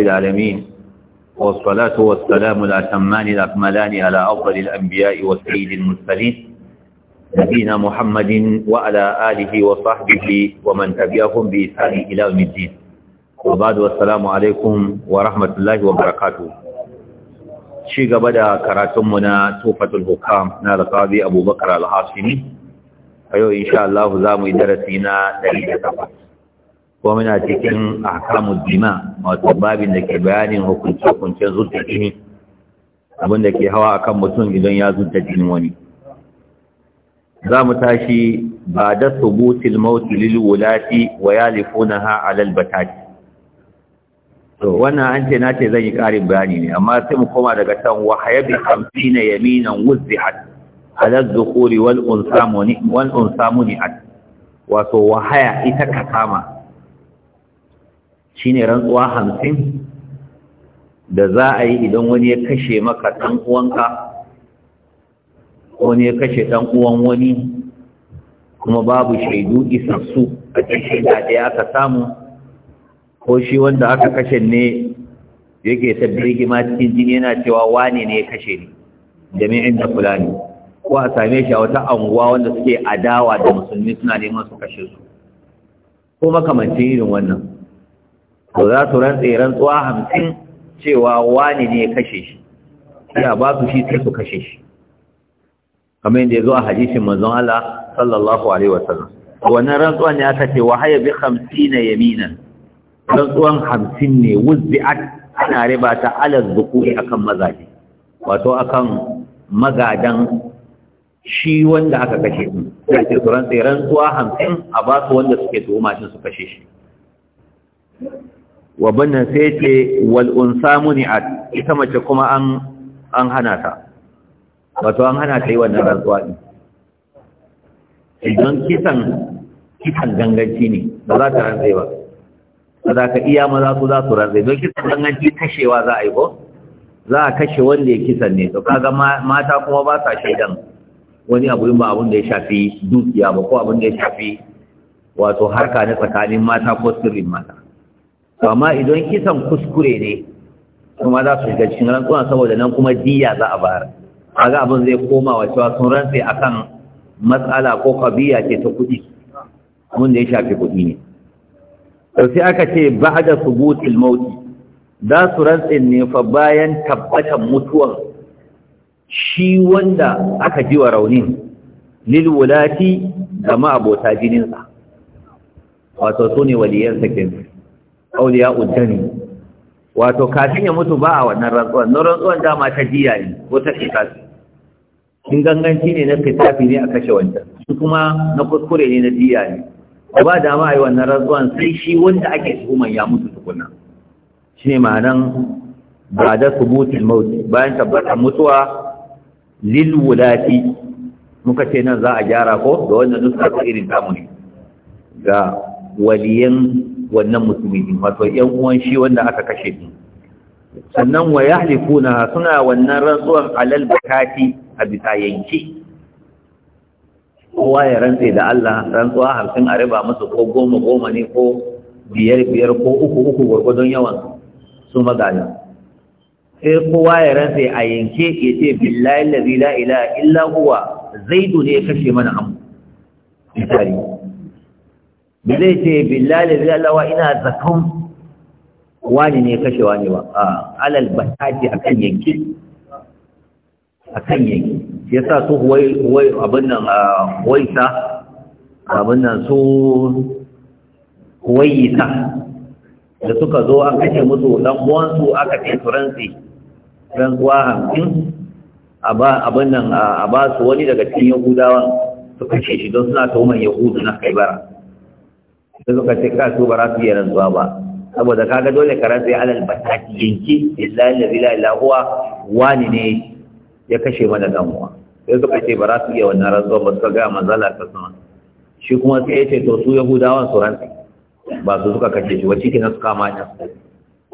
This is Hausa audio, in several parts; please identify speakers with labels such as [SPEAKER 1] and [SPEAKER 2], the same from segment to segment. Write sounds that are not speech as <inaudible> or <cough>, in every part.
[SPEAKER 1] العالمين والصلاة والسلام الأتمان الأكملان على أفضل الأنبياء والسيد المرسلين نبينا محمد وعلى آله وصحبه ومن تبعهم بإحسان إلى يوم الدين وبعد والسلام عليكم ورحمة الله وبركاته شيء بدأ كراتمنا توفة الحكام نال قاضي أبو بكر العاصمي أيوه إن شاء الله زامو درسنا دليل تفاصيل ko muna cikin ahkamul jima wato babin da ke bayanin hukunce-hukuncen zurta jini abin da ke hawa akan mutum idan ya zurta jinin wani za mu tashi ba da subutil mauti lil wulati wa yalifunaha alal batati to wannan an ce na ce zan yi ƙarin bayani ne amma sai mu koma daga tan wahaya bi 50 yaminan wuzzihat ala dhukhuri wal unsamuni wal unsamuni at wato wahaya ita kasama Shi ne rantsuwa hamsin da za a yi idan wani ya kashe maka ɗan uwanka wani ya kashe ɗan uwan wani kuma babu shaidu isassu a cikin da ɗaya aka samu ko shi wanda aka kashe ne yake ta birgima cikin jini yana cewa wane ne ya kashe ni jami'in da fulani ko a same shi a wata anguwa wanda suke adawa da musulmi suna neman su kashe su ko makamancin irin wannan to za su rantse rantsuwa hamsin cewa wani ne ya kashe shi ya ba su shi sai su kashe shi kamar yadda ya zo a hadisin manzon Allah sallallahu alaihi wasallam wannan rantsuwan ne aka ce wa haya bi khamsina Yamina. rantsuwan hamsin ne wuzbi'at ana riba ta ala zukuri akan mazaje wato akan magadan shi wanda aka kashe din sai su rantsa rantsuwa 50 a ba su wanda suke tuhuma shi su kashe shi wa bannan sai ce wal unsa muni'at ita mace kuma an an hana ta wato an hana ta yi wannan rantsuwa din idan kisan kisan ganganci ne ba za ta rantsai ba ba za ka iya maza su za su rantsai don kisan ganganci kashewa za a yi ko za a kashe wanda ya kisan ne to kaga mata kuma ba sa shaidan wani abu ba abin da ya shafi dukiya ba ko abin da ya shafi wato harka na tsakanin mata ko sirrin mata amma idan kisan kuskure ne kuma za su shiga cikin rantsuwa saboda nan kuma diya za a bayar kaga abin zai koma wa cewa sun rantse akan matsala ko kabiya ce ta kuɗi mun da ya shafi kuɗi ne to sai aka ce ba'da subutil mauti za su rantse ne fa bayan tabbatar mutuwan shi wanda aka ji wa raunin lil wulati da ma abota jininsa wato su ne kenan auliya uddani wato kafin ya mutu ba a wannan rantsuwan na rantsuwan dama ta jiya ne ko ta kitafi in ganganci ne na kitafi ne a kashe wancan su kuma na kuskure ne na jiya ne ba dama a yi wannan rantsuwan sai shi wanda ake tuhuman ya mutu tukuna shi ne ma'anan ba da subutin mauti bayan tabbatar mutuwa lil wulati muka ce nan za a gyara ko da wannan nuska ta irin tamu ne ga waliyan wannan musulmi din wato yan uwan shi wanda aka kashe din sannan wa yahlifuna suna wannan rantsuwan alal bakati a bisa yanki kowa ya rantse da Allah rantsuwa hamsin a riba musu ko goma goma ne ko biyar biyar ko uku uku gwargwadon yawan su magana sai kowa ya rantse a yanke ya ce billahi la ilaha illa huwa zaidu ne ya kashe mana amu misali da zai ce billahi zai allawa ina zakan wani ne kashe wani ba a alal a akan yanki akan yanki ya sa su wai wai abin nan waisa abin nan su waisa da suka zo an kashe musu dan uwansu aka ce turansi kuwa hamsin abin nan a ba su wani daga cikin yahudawan su kashe shi don suna tuhumar yahudu na kaibara sai suka ce ka ba za su iya rantsuwa ba saboda kaga dole ka rantsa alal bataki yanki illahi la ilaha illa huwa wani ne ya kashe mana damuwa. sai suka ce ba za su iya wannan rantsuwa ba suka ga manzala ka sama shi kuma sai ya ce to su yahudawan su rantsa ba su suka kashe shi ba ciki na kama ta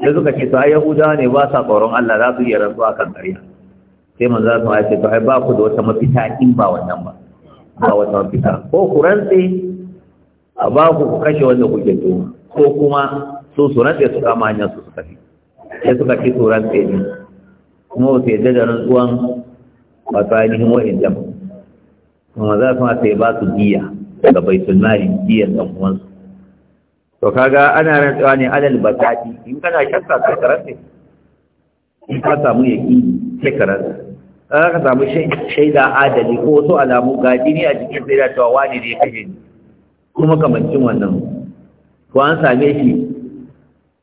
[SPEAKER 1] sai suka ce sai ya yahudawa ne ba sa tsoron Allah za su iya rantsuwa kan ƙarya sai manzala ya ce to ai ba ku da wata mafita in ba wannan ba ba wata mafita ko ku rantsa a ba ku ku kashe wanda kuke tuhuma ko kuma su su rantse su kama hanyar su suka fi sai suka ci su rantse ne kuma ba su yadda da rantsuwan masu ainihin wa'in jam kuma za su ma sai ba su diya daga baitul mali diyan dan uwansu to kaga ana rantsuwa ne alal basati in kana shakka ka rantse in ka samu yaki sai karanta ka samu shaida adali ko wasu alamu gaji ne a cikin sai da Wani ne ya kashe ni kuma kamancin wannan ko an same shi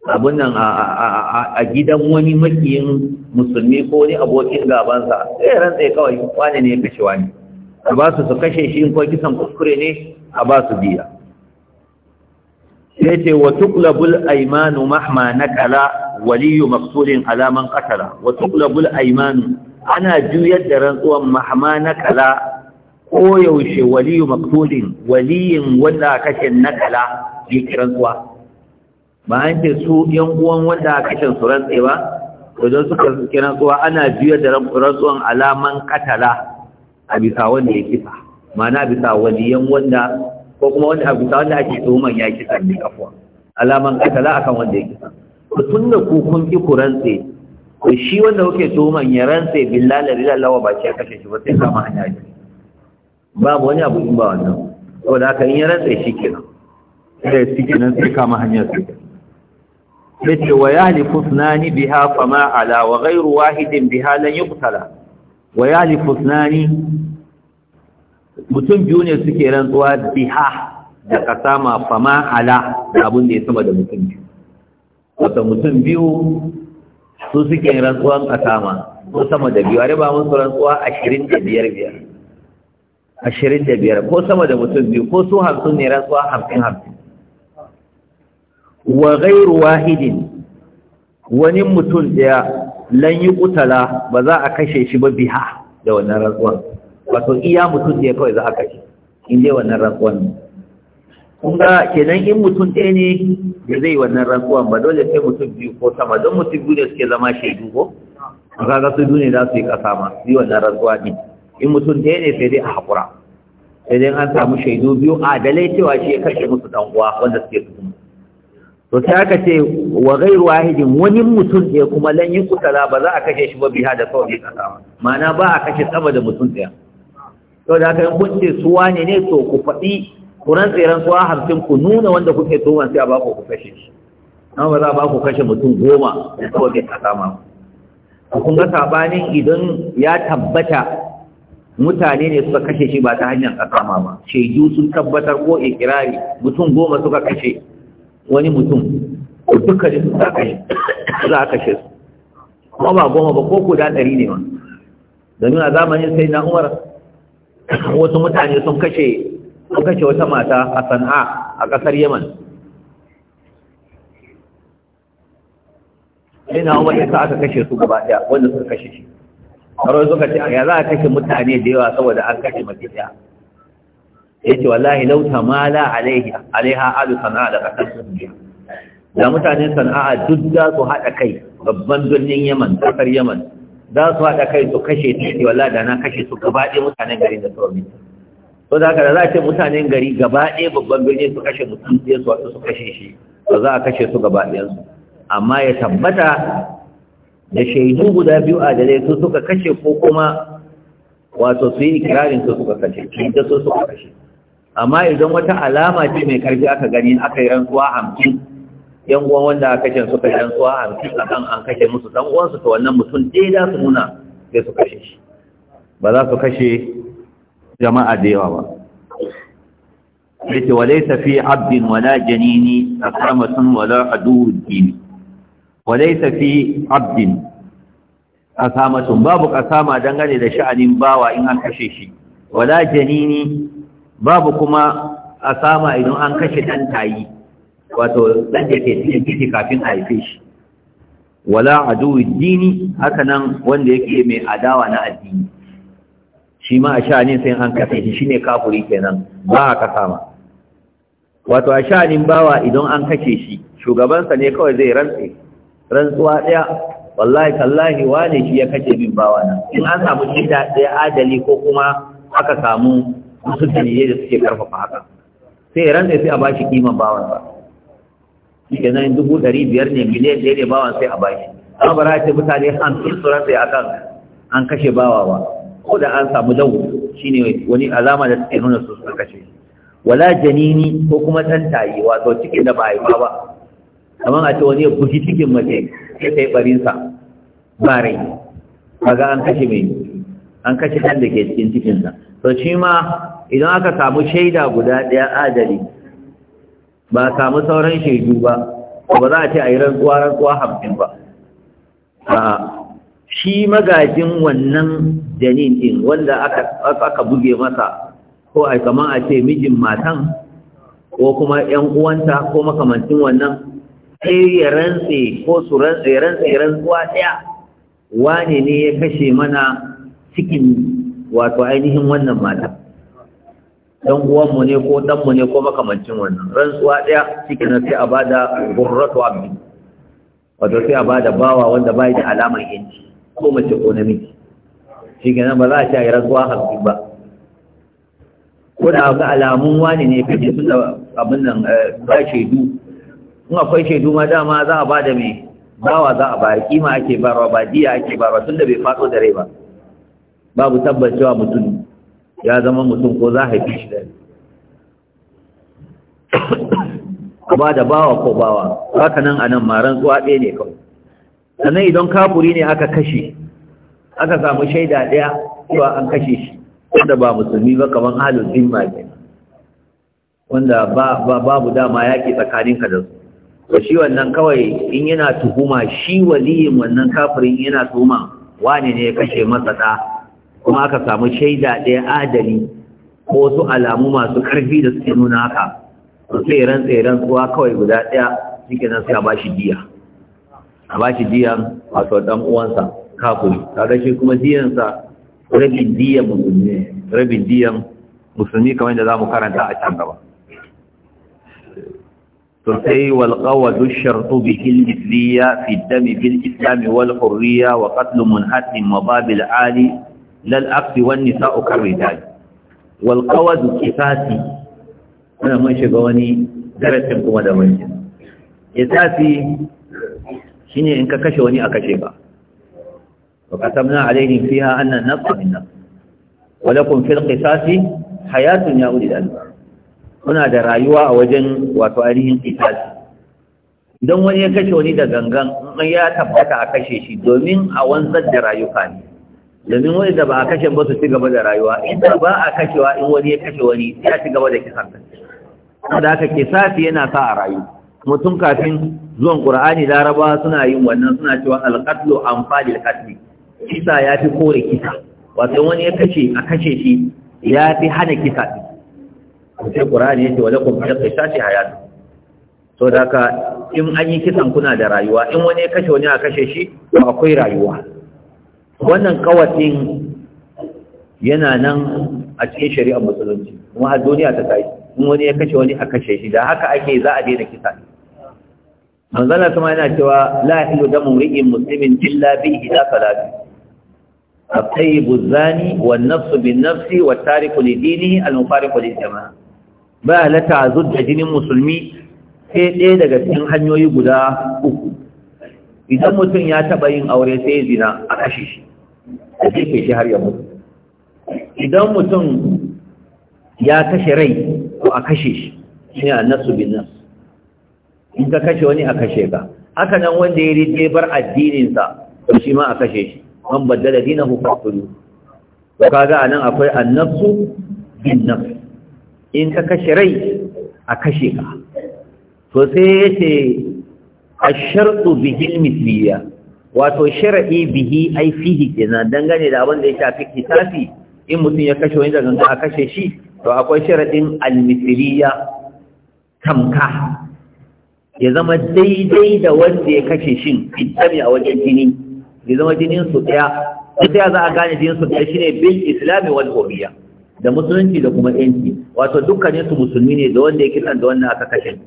[SPEAKER 1] abin nan a gidan wani makiyin musulmi ko wani abokin gabansa sai eh, rantsa kawai wani ne ya kashe wani a ba su su kashe shi ko kisan kuskure ne a ba su biya sai ce wa tuqlabul aymanu mahma nakala waliyu maqsulin Alaman man qatala wa tuqlabul aymanu ana juyar da rantsuwan mahma nakala ko yaushe waliyu maktulin waliyin wanda kashe nakala ya kiran suwa ba an ce su yan uwan wanda kashe su rantse ba idan suka kiran suwa ana biyar da rantsuwan alaman katala a bisa wanda ya kisa ma'ana bisa waliyan wanda ko kuma wanda a bisa wanda ake tuhuman ya kisa ne kafuwa. alaman katala akan wanda ya kisa to tun da ku kun ki ku rantse ko shi wanda kuke tuhuman ya rantse billahi la ilaha illallah ba ce kashe shi ba sai kama hanya ne babu wani abu in ba wannan saboda haka in ya rantsa shi kenan sai shi kenan sai kama hanyar sai yace wa yahlifu sunani biha fama ala wa gairu wahidin biha lan yuqtala wa yahlifu sunani mutum biyu ne suke rantsuwa biha da kasama fama ala abin da ya sama da mutum biyu wata mutum biyu su suke rantsuwan kasama ko sama da biyu a riba mun rantsuwa ashirin da biyar biyar ashirin da biyar ko sama da mutum biyu ko su hamsin ne rantsuwa hamsin hamsin wa gairu wahidin wani mutum ɗaya lan yi kutala ba za a kashe shi ba biha da wannan rantsuwan wato iya mutum ne kawai za a kashe in dai wannan rantsuwan kun kenan in mutum ɗaya ne da zai wannan rantsuwan ba dole sai mutum biyu ko sama don mutum biyu da suke zama shaidu ko kaga su biyu ne za su yi ƙasa ma su yi wannan rantsuwa ne in mutum ɗaya ne sai dai a haƙura sai dai an samu shaidu biyu a dalai cewa shi ya kashe musu ɗan uwa wanda suke kuma to sai aka ce wa gairu wahidin wani mutum ɗaya kuma lan yi kusala ba za a kashe shi ba biya da kawai ka samu ma'ana ba a kashe sama da mutum ɗaya to da haka kun ce su wane ne to ku faɗi kuran tseren suwa hamsin ku nuna wanda kuke tuhuman sai a ba ku kashe shi amma ba za a ba ku kashe mutum goma da kawai ka samu kun ga sabanin idan ya tabbata mutane ne suka kashe shi ba ta hanyar akama ba shaidu sun tabbatar ko ikirari mutum goma suka kashe wani mutum duka ne suka kashe za a kashe su kuma ba goma ba ko guda ɗari ne ma da nuna zamanin sai na umar wasu mutane sun kashe sun kashe wata mata a sana'a a ƙasar yaman sai na umar ya sa aka kashe su gaba ɗaya wanda suka kashe shi karo suka ce ya za a kashe mutane da yawa saboda an kashe mafi ɗaya ya ce wallahi ma la alaiha alu sana'a da ƙasar su da mutanen sana'a duk za su haɗa kai babban birnin yaman ƙasar yaman za su haɗa kai su kashe ta ce wallahi da na kashe su gaba ɗaya mutanen gari da sauran so da haka da za a ce mutanen gari gaba ɗaya babban birnin su kashe mutum su wasu su kashe shi ba za a kashe su gaba amma ya tabbata da shaidu guda biyu a dare su suka kashe ko kuma wato su yi ikirarin su suka kashe da su suka kashe amma idan wata alama ce mai karfi aka gani aka yi rantsuwa hamsin yan uwan wanda aka kashe suka yi rantsuwa hamsin akan an kashe musu dan uwansu to wannan mutum dai za su nuna sai su kashe shi ba za su kashe jama'a da yawa ba yace wa laysa fi abdin wala janini akramatun wala aduwwud dini walaysa fi abdin qasamatun babu kasama dangane da sha'anin bawa in an kashe shi wala janini babu kuma qasama idan an kashe dan tayi wato dan da ke cikin ciki kafin a haife shi wala aduwi dini haka nan wanda yake mai adawa na addini shi ma a sha'anin sai an kashe shi shine kafuri kenan ba a kasama wato a sha'anin bawa idan an kashe shi shugabansa ne kawai zai rantse rantsuwa ɗaya wallahi tallahi wane shi ya kace min bawa na in an samu shida ɗaya adali ko kuma aka samu musu dalilai da suke karfafa haka sai ran sai a bashi kiman bawan sa shi nan dubu ɗari biyar ne miliyan ɗaya ne bawan sai a bashi amma ba za ta mutane hamsin ran sai akan an kashe bawa ba ko da an samu dau shine wani alama da suke nuna su suka kashe wala janini ko kuma tantayi wato cikin da ba a yi ba amma a ce wani ya bugi cikin mace sai ta yi barinsa ba rai ga an kashe mai an kashe ɗan da ke cikin cikinsa to shi ma idan aka samu shaida guda ɗaya adali ba a samu sauran shaidu ba ba za a ce a yi rantsuwa rantsuwa hamsin ba shi magajin wannan janin din wanda aka buge masa ko a kamar a ce mijin matan ko kuma ‘yan uwanta ko makamancin wannan sai ya rantse ko su rantse ya rantse ya rantsuwa ɗaya wane ne ya kashe mana cikin wato ainihin wannan mata dan uwanmu ne ko danmu ne ko makamancin wannan rantsuwa ɗaya cikin na sai a bada gurratu abin wato sai a bada bawa wanda bai da alamar yanci ko mace ko namiji shi kenan ba za a ci a yi rantsuwa hamsin ba ko da ga alamun wani ne kace tun da abin nan eh, ba shaidu in akwai shaidu ma dama za a ba da mai bawa za a bayar kima ake barwa ba diya ake barwa tun da bai faɗo da rai ba babu tabbacewa mutum ya zama mutum ko za a haifi shi da ba da bawa ko bawa haka nan a nan maran tsuwa ɗaya ne kawai sannan idan kafuri ne aka kashe aka samu shaida ɗaya cewa an kashe shi wanda ba musulmi ba kamar halin zimma ne wanda babu dama yaƙi tsakaninka da su to shi wannan kawai in yana tuhuma shi waliyin wannan kafirin yana tuhuma wane ne ya kashe masa kuma aka samu shaida ɗaya adali ko wasu alamu masu ƙarfi da suke nuna haka to tseren tseren tsuwa kawai guda ɗaya suke nan suka a bashi diya a bashi diyan wato ɗan uwansa kafiri kaga shi kuma diyansa rabin diyan musulmi rabin diyan musulmi kamar yadda za mu karanta a can gaba sosai walƙawa dushar tubi hilmisliya fi dami bil islami wal hurriya wa ali lal aqdi wan nisa'u kar rijal kisasi ana mun shiga wani darasin kuma da mun kisasi shine in ka kashe wani a kashe ka wa qasamna fiha fil hayatun ya ulil suna da rayuwa a wajen wato ainihin itali idan wani ya kashe wani da gangan in ya tabbata a kashe shi domin a wanzar da rayuka ne domin wani da ba a kashe ba su ci gaba da rayuwa inda ba a kashewa in wani ya kashe wani ya ci gaba da kisan kan da haka kisafi yana sa a rayu mutum kafin zuwan qur'ani laraba suna yin wannan suna cewa alqatlu anfalil qatli kisa ya fi kore kisa wato wani ya kashe a kashe shi ya fi hana kisa sai qur'ani yace wa lakum fil qisasi hayatu to da ka in an yi kisan kuna da rayuwa in wani ya kashe wani a kashe shi ba akwai rayuwa wannan kawatin yana nan a cikin shari'ar musulunci kuma a duniya ta kai in wani ya kashe wani a kashe shi da haka ake za a daina kisa manzala kuma yana cewa la ilu da ri'in muslimin illa bi ila salati الطيب الزاني والنفس بالنفس والتارك لدينه المفارق jama'a? ba halatta zuɗ da jinin musulmi sai ɗaya daga cikin hanyoyi guda uku idan mutum ya taɓa yin aure sai zina a kashe shi a jefe shi har ya idan mutum ya kashe rai ko a kashe shi shi a nasu bin nas in ka kashe wani a kashe ka haka nan wanda ya yi bar addininsa to shi ma a kashe shi man baddala dinahu faqulu to kaga anan akwai annasu bin nafs in ka kashe rai a kashe ka to sai ya ce a sharɗu bihi misliya wato shara'i bihi ai fihi kenan dangane da abin da ya shafi kitafi in mutum ya kashe wani daga a kashe shi to akwai sharaɗin almisliya tamka ya zama daidai da wanda ya kashe shin fitami a wajen jini ya zama jinin su ɗaya ya za a gane jinin su ɗaya shine bil islami wal horiya da musulunci da kuma yanci wato dukkanin su musulmi ne da wanda ya kisan da wanda aka kashe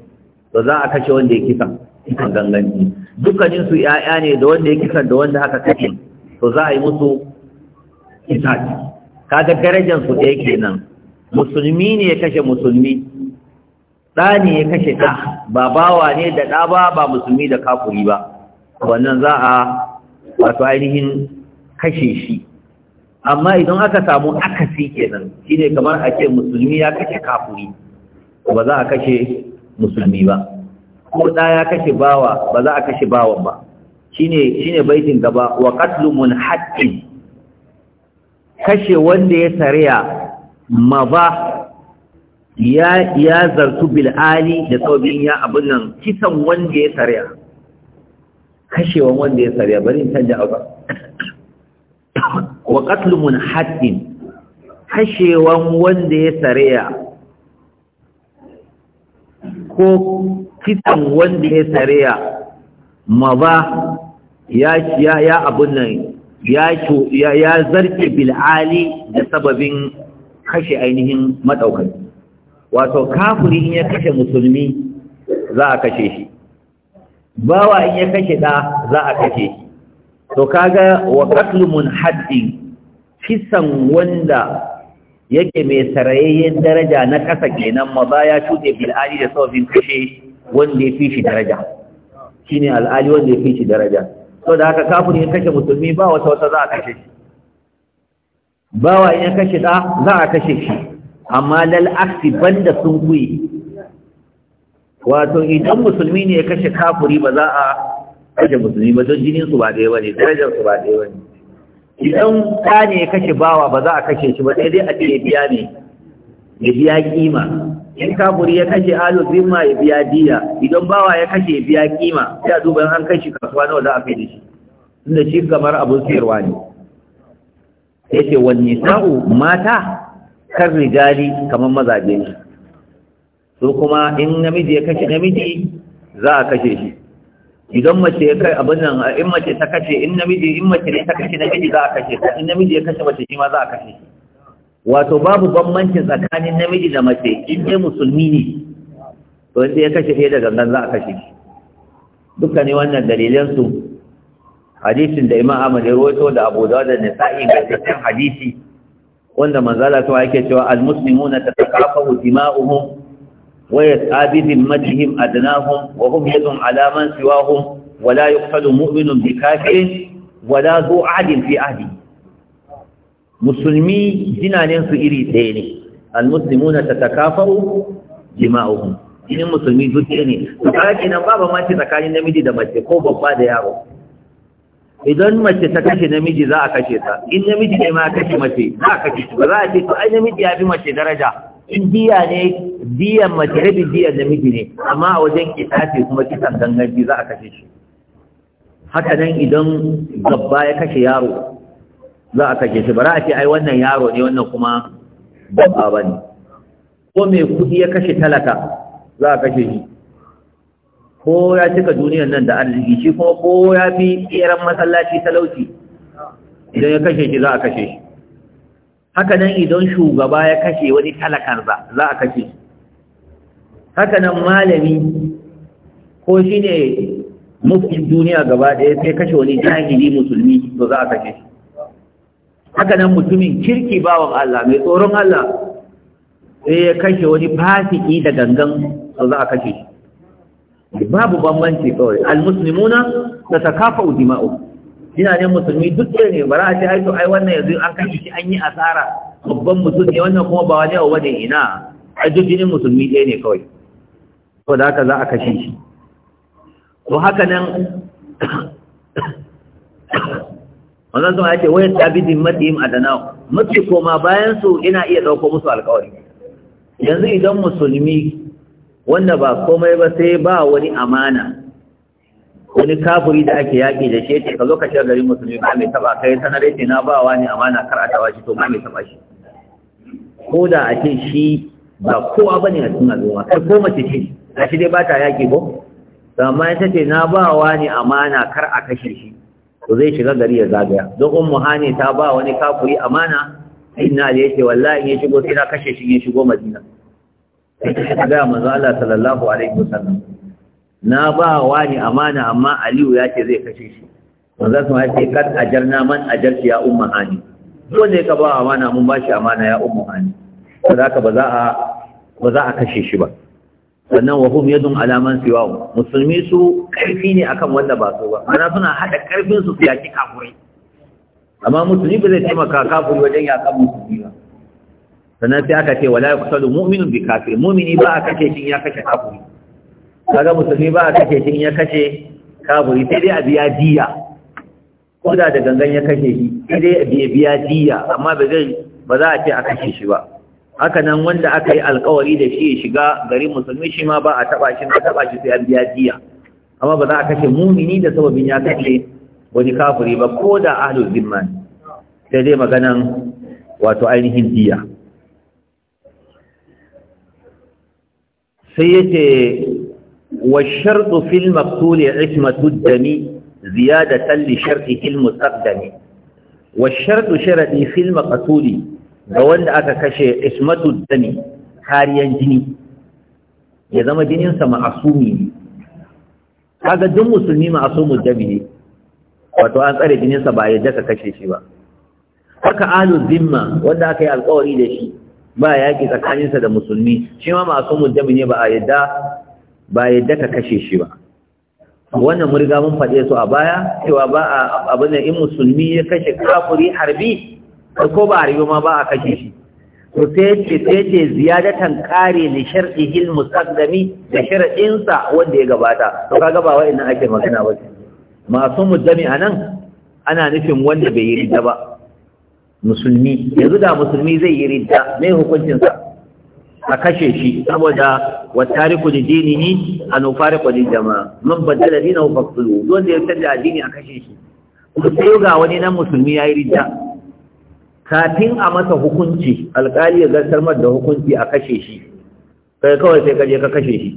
[SPEAKER 1] to za a kashe wanda ya kisan kan ganganci dukkanin su ƴaƴa ne da wanda ya kisan da wanda aka kashe to za a yi musu kisati kaga darajar su ɗaya nan. musulmi ne ya kashe musulmi ɗa ne ya kashe ɗa ba bawa ne da ɗa ba ba musulmi da kafuri ba wannan za a wato ainihin kashe shi amma idan aka samu akasi kenan shine kamar a ce musulmi ya kashe kafuri ba za a kashe musulmi ba ko da ya kashe bawa ba za a kashe bawan ba shine shine baitin gaba wa qatlu munhaqqin kashe wanda ya sariya maza ya ya zartu bil ali da saubin ya abun nan kisan wanda ya sariya kashewan wanda ya sariya bari in canja abu wa qatlumun haddin kashewan wanda ya sareya ko kitan wanda ya sareya ma ya ya ya abun nan ya ya ya zarke bil da sababin kashe ainihin madaukaki wato kafiri in ya kashe musulmi za a kashe shi bawa in ya kashe ɗa za a kashe shi to kaga wa qatlu munhaddin kisan wanda yake mai sarayayyen daraja na kasa kenan maza ya tude bil ali da sabbin kashe wanda ya fi shi daraja shine al ali wanda ya fi shi daraja to da haka kafin ya kashe musulmi ba wata wata za a kashe shi Ba in ya kashe da za a kashe shi amma lal aksi banda sun wato idan musulmi ne ya kashe kafiri ba za a kashe musulmi ba don jinin su ba ɗaya ne, darajar su ba ɗaya ne. idan ta ne ya kashe bawa ba za a kashe shi ba sai dai a ce biya ne ya biya kima in kaburi ya kashe alo zimma ya biya diya idan bawa ya kashe ya biya kima sai a duba an kashe kasuwa nawa za a kai da shi tunda shi kamar abun sayarwa ne Ya ce wani sa'u mata kan rigali kamar mazaje ne su kuma in namiji ya kashe namiji za a kashe shi idan mace ya kai abin nan in mace ta kashe in namiji in mace ne ta kashe namiji za a kashe ta in namiji ya kashe mace shi ma za a kashe wato babu bambanci tsakanin namiji da mace in dai musulmi ne to in ya kashe sai da gangan za a kashe shi duka ne wannan dalilan su hadisin da Imam Ahmad ya rawaito da Abu Dawud da Nasa'i ga cikin hadisi wanda manzala to yake cewa al-muslimuna tatakafu dima'uhum ويسعى بذمتهم أدناهم وهم يد على من سواهم ولا يقتل مؤمن بكافر ولا ذو عهد في عهده musulmi jinanen su iri ɗaya ne almuslimuna tatakafa'u jima'uhum jinin musulmi duk ne to kaga kenan tsakanin namiji da mace ko babba da yaro idan mace ta kashe namiji za a kashe ta in namiji ne ma kashe mace za a kashe ba za a ce to ai namiji ya fi mace daraja in diya ne diyan mace rabin diyan namiji ne amma a wajen kitafi kuma kisan ganganci za a kashe shi haka nan idan gabba ya kashe yaro za a kashe shi bara a ce ai wannan yaro ne wannan kuma babba ba ne ko mai kuɗi ya kashe talaka za a kashe shi ko ya cika duniyar nan da arziki shi kuma ko ya fi tseren masallaci talauci idan ya kashe shi za a kashe shi haka nan idan shugaba ya kashe wani talakar za a kashe haka nan malami ko shi ne mufin duniya gaba ɗaya sai kashe wani jahili musulmi to za a kashe haka nan mutumin kirki bawan Allah mai tsoron Allah sai ya kashe wani fasiki da gangan to za a kashe babu bambanci kawai al-muslimuna tatakafa'u jima'u. ne musulmi duk ɗaya ne bara a ce ai to ai wannan yanzu an kashe shi an yi asara babban mutum ne wannan kuma ba wani abu bane ina ai duk jinin musulmi ɗaya ne kawai to da haka za a kashe shi to haka nan wannan zuwa yake wayar tabi dimmatihim adana mace koma bayan su ina iya dauko musu alƙawari yanzu idan musulmi wanda ba komai ba sai ba wani amana wani kafuri da ake yaƙi da shi ce ka zo ka shiga garin musulmi ba mai taba kai sanar yake na ba wani amana kar a tawa shi to ba mai taba shi ko da a ce shi ba kowa bane a cikin al'umma kai ko mace ce a shi dai ba ta yaƙi ko to amma ita ce na ba wani amana kar a kashe shi to zai shiga gari ya zagaya don ummu hani ta ba wani kafuri amana inna da yake wallahi ya shigo sai na kashe shi ya shigo madina sai ta gaya manzo Allah sallallahu alaihi wasallam na ba wa ne amana amma aliyu ya ce zai kashe shi manzan su ma ce kad ajar na man ajar ya umma hani wanda ka ba amana mun ba shi amana ya umma hani ba za ka ba za a kashe shi ba sannan wa hum yadun alaman siwahu musulmi su karfi ne akan wanda ba su ba mana suna hada karfin su yaki kafirai amma musulmi ba zai taimaka kafuri wajen yakan musulmi ba sannan sai aka ce wala da mu'minun bi kafir mu'mini ba a kashe shi ya kashe kafuri kaga musulmi ba a kashe shi in ya kashe kaburi sai dai a biya diya ko da da gangan ya kashe shi sai dai a biya diya amma ba zai ba za a ce a kashe shi ba haka nan wanda aka yi alkawari da shi ya shiga garin musulmi shi ma ba a taba shi ba taba shi sai an biya diya amma ba za a kashe mumini da sababin ya kashe wani kafiri ba ko da ahlu zimma sai dai maganan wato ainihin diya sai yace والشرط في المقتول عصمة الدم زيادة لشرطه المتقدم والشرط شرطي في المقتول وان أككشي عصمة الدم كاريا جني يزم جنين سما عصومي هذا دم مسلمي معصوم الدم wato an tsare jinin sa ba ya daka kashe shi ba haka alu zimma wanda aka yi alƙawari da shi ba yaƙi tsakaninsa da musulmi shi ma masu muddami ne ba a yadda ba yadda ka kashe shi ba wannan murga mun faɗe su a baya cewa ba a abin da in musulmi ya kashe kafiri harbi ko ba harbi ma ba a kashe shi to sai ce sai ce ziyadatan kare li shar'ihil musaddami da sa wanda ya gabata to kaga ba wa'annan ake magana ba masu muddami anan ana nufin wanda bai yi ridda ba musulmi yanzu da musulmi zai yi ridda mai hukuncinsa a kashe shi saboda wa tariku li dinihi an ufariqu li jama'a man badala dinahu faqtulu wanda ya tada addini a kashe shi kuma sai ga wani nan musulmi yayi ridda kafin a masa hukunci alƙali ya zartar mar da hukunci a kashe shi kai kawai sai kaje ka kashe shi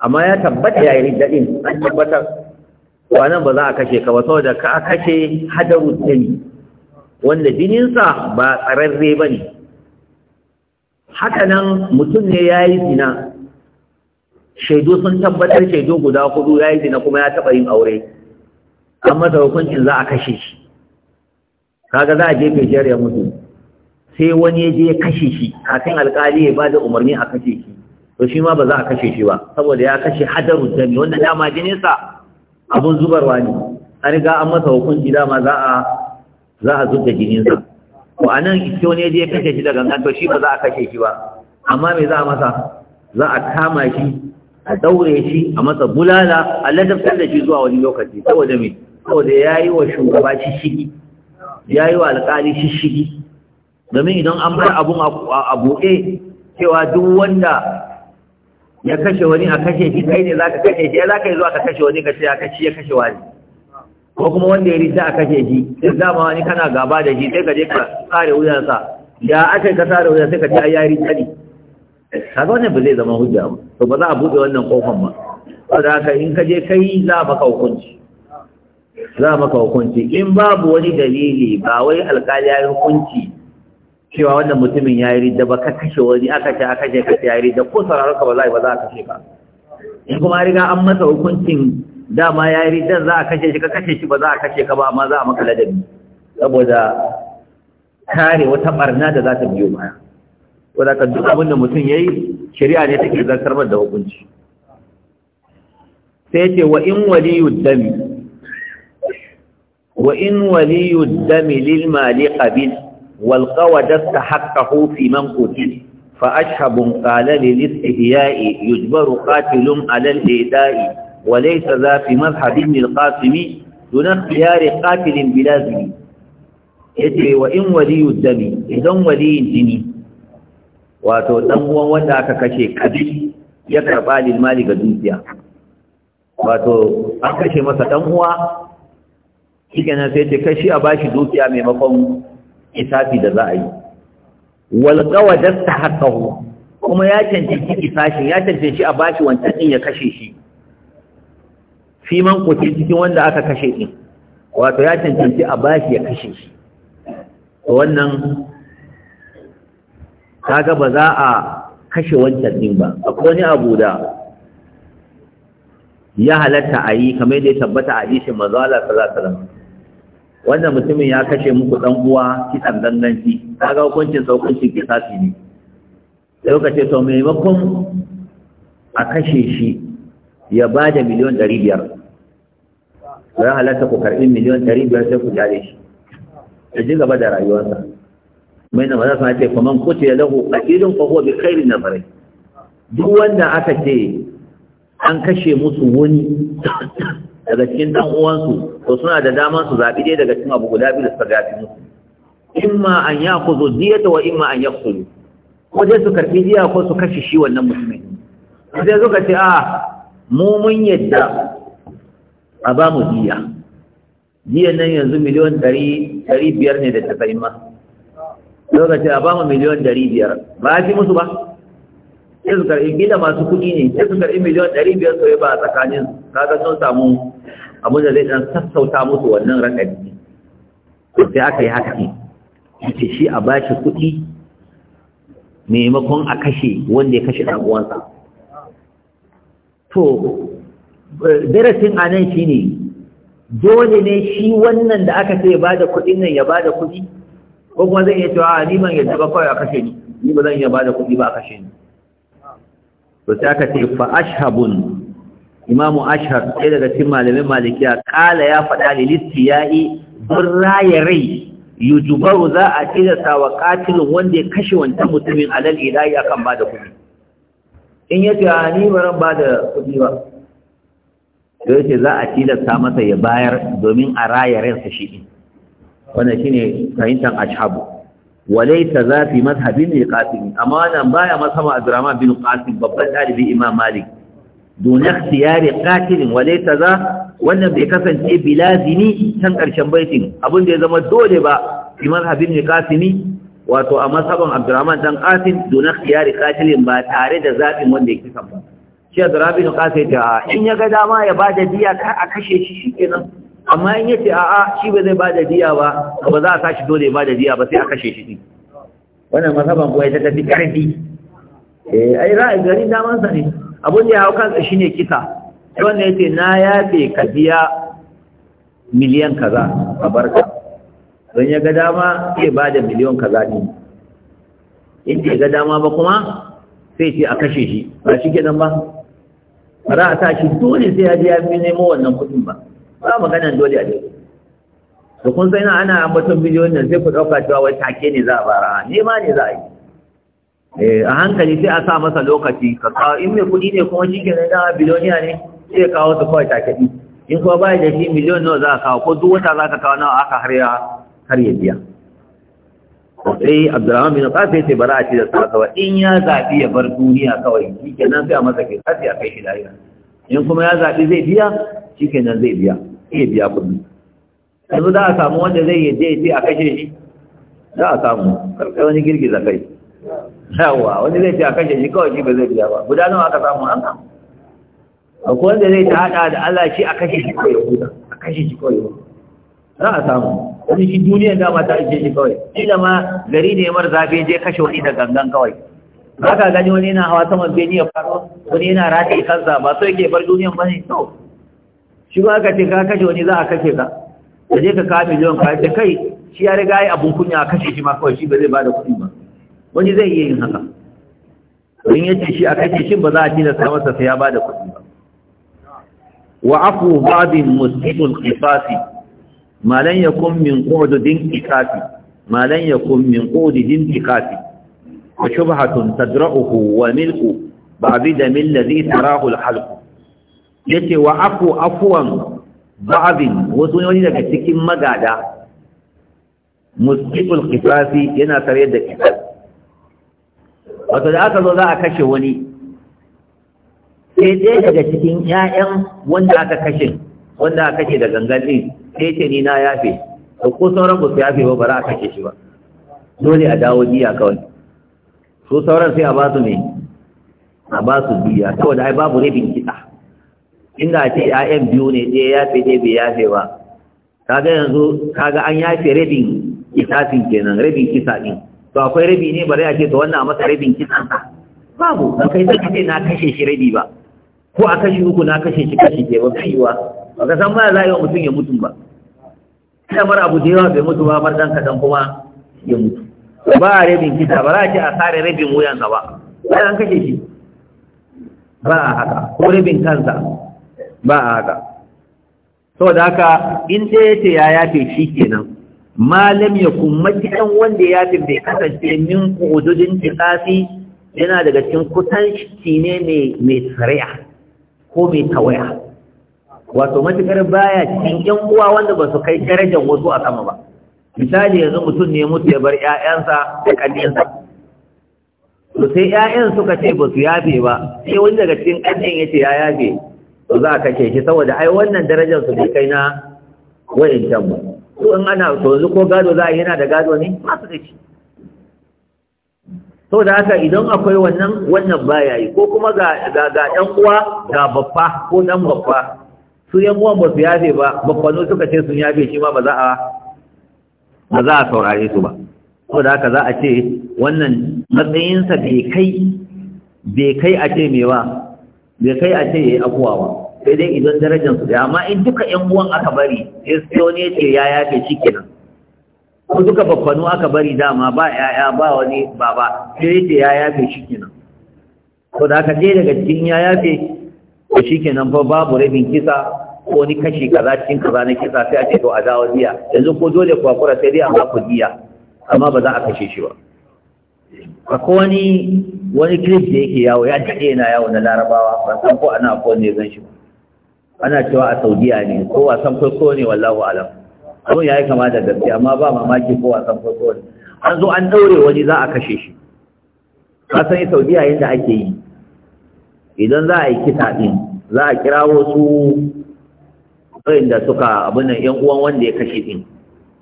[SPEAKER 1] amma ya tabbata yayi ridda din an tabbatar wannan ba za a kashe ka ba saboda ka kashe hadarun dani wanda jininsa ba tsararre bane haka nan mutum ne ya yi zina shaidu sun tabbatar shaidu guda hudu ya yi zina kuma ya taɓa yin aure an masa hukuncin za a kashe shi kaga za a je shi ya mutu sai wani ya je ya kashe shi kafin alkali ya ba da umarni a kashe shi to shi ma ba za a kashe shi ba saboda ya kashe hadarun jami wanda dama jininsa abun zubarwa ne an riga an masa hukunci dama za a za a zub da jininsa ko a nan ita wani ya kashe shi da gangan to shi ba za a kashe shi ba amma me za a masa za a kama shi a daure shi a masa bulala a ladabtar da shi zuwa wani lokaci saboda me saboda ya yi wa shugaba shishigi ya yi wa alƙali shishigi domin idan an bar abun a buɗe cewa duk wanda ya kashe wani a kashe shi kai ne za ka kashe shi ya za ka yi zuwa ka kashe wani ka ce ya kashe ya kashe wani ko kuma wanda ya rida a kashe shi sai dama wani kana gaba da shi sai ka je ka kare wuyansa ya aka ka sare wuya sai ka je a yari tsari Ka ga wannan ba zai zama hujja ba to ba za a buɗe wannan kofan ba saboda haka in ka je kai za maka hukunci za maka hukunci in babu wani dalili ba wai alƙali ya yi hukunci cewa wannan mutumin ya yi rida ba ka kashe wani aka ce aka ce ka ya yi rida ko sauraron ka ba za ba za a kashe ba. in kuma riga an masa hukuncin dama ya yi ridan za a kashe shi ka kashe shi ba za a kashe ka ba amma za a maka ladabi saboda kare wata barna da za ta biyo baya wadda ka duk abin da mutum ya yi shari'a ne take zartar da hukunci sai ce wa in waliyud dami wa in waliyud dami lil mali qabil wal qawada tahaqqahu fi man qutil fa ashhabun qala lil istihya'i yujbaru qatilun ala al-ida'i وليس zafi في مذهب ابن القاسم دون اختيار قاتل بلازم yace wa in waliyu dami idan waliyin jini wato dan uwan aka kashe kabi ya karba lil mali ga dukiya wato an kashe masa dan uwa shikenan sai ce kashi a bashi dukiya maimakon isafi da za a yi wal qawadasta haqqahu kuma ya cancanci isashin ya cancanci a bashi wancan din ya kashe shi fi man kuce cikin wanda aka kashe ɗin, wato ya cancanci a bashi ya kashe shi to wannan kaga ba za a kashe wancan din ba akwai wani abu da ya halatta a yi kamar yadda ya tabbata a ishe mazala Allah wannan mutumin ya kashe muku dan uwa kisan danganci kaga hukuncin sa ke kisasi ne sai kuka ce to maimakon a kashe shi ya ba da miliyan ɗari biyar ya halatta ku karɓi miliyan ɗari biyar sai ku tare shi ya ji gaba da rayuwarsa mai na maza suna ce kuma kuce ya lahu ƙasirin ƙwaho bi kairi na farai duk wanda aka ce an kashe musu wani daga cikin ɗan uwansu to suna da daman su zaɓi ɗaya daga cikin abu guda biyu da suka gafi musu imma an ya kuzo diyata wa imma an ya kusuru ko dai su karɓi diya ko su kashe shi wannan mutumin sai suka ce a ah, mu mun yadda a ba mu diya diyan nan yanzu miliyon ɗari biyar ne da tasa'in ma lokacin a ba mu miliyon ɗari biyar ba a fi musu ba sai su karɓi gida masu kuɗi ne sai su karɓi miliyon ɗari biyar soye ba a tsakanin kaga sun samu abin da zai ɗan sassauta musu wannan raɗaɗi sai aka yi haka ne ce shi a ba shi kuɗi maimakon a kashe wanda ya kashe ɗan uwansa to darasin a nan shi ne dole ne shi wannan da aka sai ba da kuɗin nan ya ba da kuɗi ko kuma zai iya cewa a liman yadda ba kawai a kashe ni ni ba zan iya ba da kuɗi ba a kashe ni to sai aka ce fa ashabun imamu ashab ɗaya daga cikin malamin malikiya kala ya faɗa listi ya yi don raye rai yujubaru za a tilasta wa katilin wanda ya kashe wancan mutumin alal ilahi akan ba da kuɗi in ya ce a ni ba ran ba da kuɗi ba to yake za a tilasta masa ya bayar domin a raya ransa shi din wannan ne fahimtar ashabu ta za fi mazhabin ne qasim amma wannan baya a Abdurrahman bin Qasim babban ɗalibi Imam Malik siyari اختيار walai ta za wannan bai kasance bilazini can ƙarshen baitin abin da ya zama dole ba fi mazhabin qasimi wato a masaban Abdurrahman dan Qasim dun siyari qatilin ba tare da zaɓin wanda ya kisa ba shi da rabi nu kasa yace a in ya ga dama ya bada diya kar a kashe shi shikenan amma in yace a'a shi ba zai bada diya ba ba za a tashi dole ya bada diya ba sai a kashe shi din wannan masaban kuwa ita ta fi karfi eh ai ra'ayi garin da man ne abun da ya hau kansa shine kisa sai wannan yace na yafe ka biya miliyan kaza a barka don ya ga dama ya ba da miliyan kaza ne in ya ga dama ba kuma sai ce a kashe shi ba shi kenan ba ba za a sa shi dole sai ya je ya fi nemo wannan kuɗin ba ba magana dole a dole to kun sai na ana ambaton miliyoyin nan sai ku ɗauka cewa wai take ne za a bara nema ne za a yi eh, a hankali sai a sa masa lokaci ka kawo in mai kuɗi ne kuma shike ke dawa biloniya ne sai kawo su kawai take ɗi in kuma ba da shi miliyon nawa za a kawo ko duk wata za ka kawo nawa aka har ya biya sai abdullahi bin qasim sai bara a ce da sa kawai in ya zaɓi ya bar duniya kawai shikenan sai a masa ke sai a kai shi lahira in kuma ya zaɓi zai biya shikenan zai biya zai biya kuɗi yanzu za a samu wanda zai yi sai a kashe shi za a samu karkar wani girgiza kai yawa wani zai ce a kashe shi kawai shi ba zai biya ba guda nawa aka samu an samu akwai wanda zai ta hada da Allah shi a kashe shi kawai ya huta a kashe shi kawai za a samu wani shi duniyar dama ta ake shi kawai ila ma gari ne mar zafi je kashe wani da gangan kawai za ka gani wani yana hawa saman beni ya faɗo wani yana rati kansa ba so yake bar duniyar ba ne to shi ba ka ce ka kashe wani za a kashe ka da je ka kawo miliyon ka ce kai shi ya riga ya abun kunya a kashe shi ma kawai shi ba zai bada kuɗi ba wani zai iya yin haka in yace shi a kashe shi ba za a da masa sai ya bada kuɗi ba wa afu babin muslimul qisasi malan yakun min qududin ikafi malan yakun min qududin ikafi wa shubhatun tadra'uhu wa milku ba'bida min ladhi tarahu al-halq yace wa aku afwan ba'din wasu wani daga cikin magada musqiful qisasi yana tare da qisas wato da aka zo za a kashe wani sai ɗaya daga cikin 'ya'yan wanda aka kashe wanda aka kashe da gangan ɗin sai ce ni na yafe to ko sauran ba su yafe ba ba za a kashe shi ba dole a dawo jiya kawai su sauran sai a ba su ne a ba su biya saboda ai babu rabin kiɗa inda ce ƴaƴan biyu ne ɗaya yafe ɗaya bai yafe ba kaga yanzu kaga an yafe rabin kitafin kenan rabin kisa ɗin to akwai rabi ne bare a ce to wannan a masa rabin kisan sa babu ba kai zaka ce na kashe shi rabi ba ko a kashe uku na kashe shi kashe ke ba kaiwa ba ka san ba za a yi wa mutum ya mutu ba ina mara abu da yawa bai mutu ba mar dan kadan kuma ya mutu ba a rabin kisa ba za a ce a sare rabin wuyansa ba sai an kashe shi ba a haka ko rabin kansa ba a haka saboda haka in ɗaya ce ya yafe shi kenan malam ya kuma gidan wanda ya fi bai kasance min kududin tikafi yana daga cikin shi ne mai tsariya ko mai tawaya wato matukar baya cikin yan uwa wanda ba su kai darajar wasu a sama ba misali yanzu mutum ne mutu ya bar ƴaƴansa da ƙannensa to sai ƴaƴan suka ce ba su yafe ba sai wani daga cikin ƙannen ya ce ya yafe to za a kashe shi saboda ai wannan darajar su bai kai na can ba to in ana to yanzu ko gado za a yana da gado ne masu su shi to da haka idan akwai wannan wannan baya yi ko kuma ga ga ɗan uwa ga babba ko ɗan babba su yan uwan ba su yafe ba bakwano suka ce sun yafe shi ma ba za a ba za a saurare su ba ko da haka za a ce wannan matsayinsa bai kai bai kai a ce mewa bai kai a ce ya yi akuwa ba sai dai idan darajar su da amma in duka yan uwan aka bari sai ne ce ya yafe shi kenan ko duka bakwano aka bari dama ba yaya ba wani baba sai ce ya yafe shi kenan ko da haka ɗaya daga cikin ya yafe shi kenan fa babu rabin kisa ko wani kashi kaza cikin kaza na kisa sai a ce to a dawo diya yanzu ko dole ku hakura sai dai a ba ku diya amma ba za a kashe shi ba akwai wani wani clip da yake yawo ya daɗe yana yawo na larabawa ba san ko ana ko ne zan shi ana cewa a saudiya ne ko wasan farko ne wallahu alam abin ya yi kama da gaske amma ba mamaki ko wasan farko ne an zo an daure wani za a kashe shi ka san saudiya yadda ake yi idan za a yi kisa ɗin za a kira wasu da suka abin yan uwan wanda ya kashe ɗin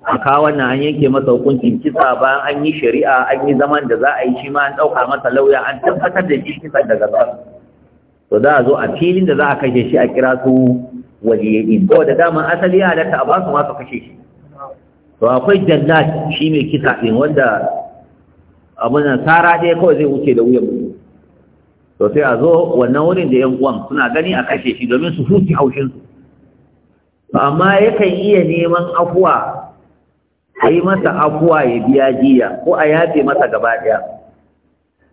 [SPEAKER 1] a kawo na an yanke masa hukuncin kisa bayan an yi shari'a an yi zaman da za a yi shi ma an ɗauka masa lauya an tabbatar da shi kisa daga ba to za a zo a filin da za a kashe shi a kira su waliyai ko da daman asali ya halatta a ba su su kashe shi to akwai jannat shi mai kisa ɗin wanda abin nan sara ɗaya kawai zai wuce da wuyan mutum to sai a zo wannan wurin da yan uwan suna gani a kashe shi domin su huce haushin su to amma yakan iya neman afuwa a yi masa afuwa ya biya jiya ko a yafe masa gaba daya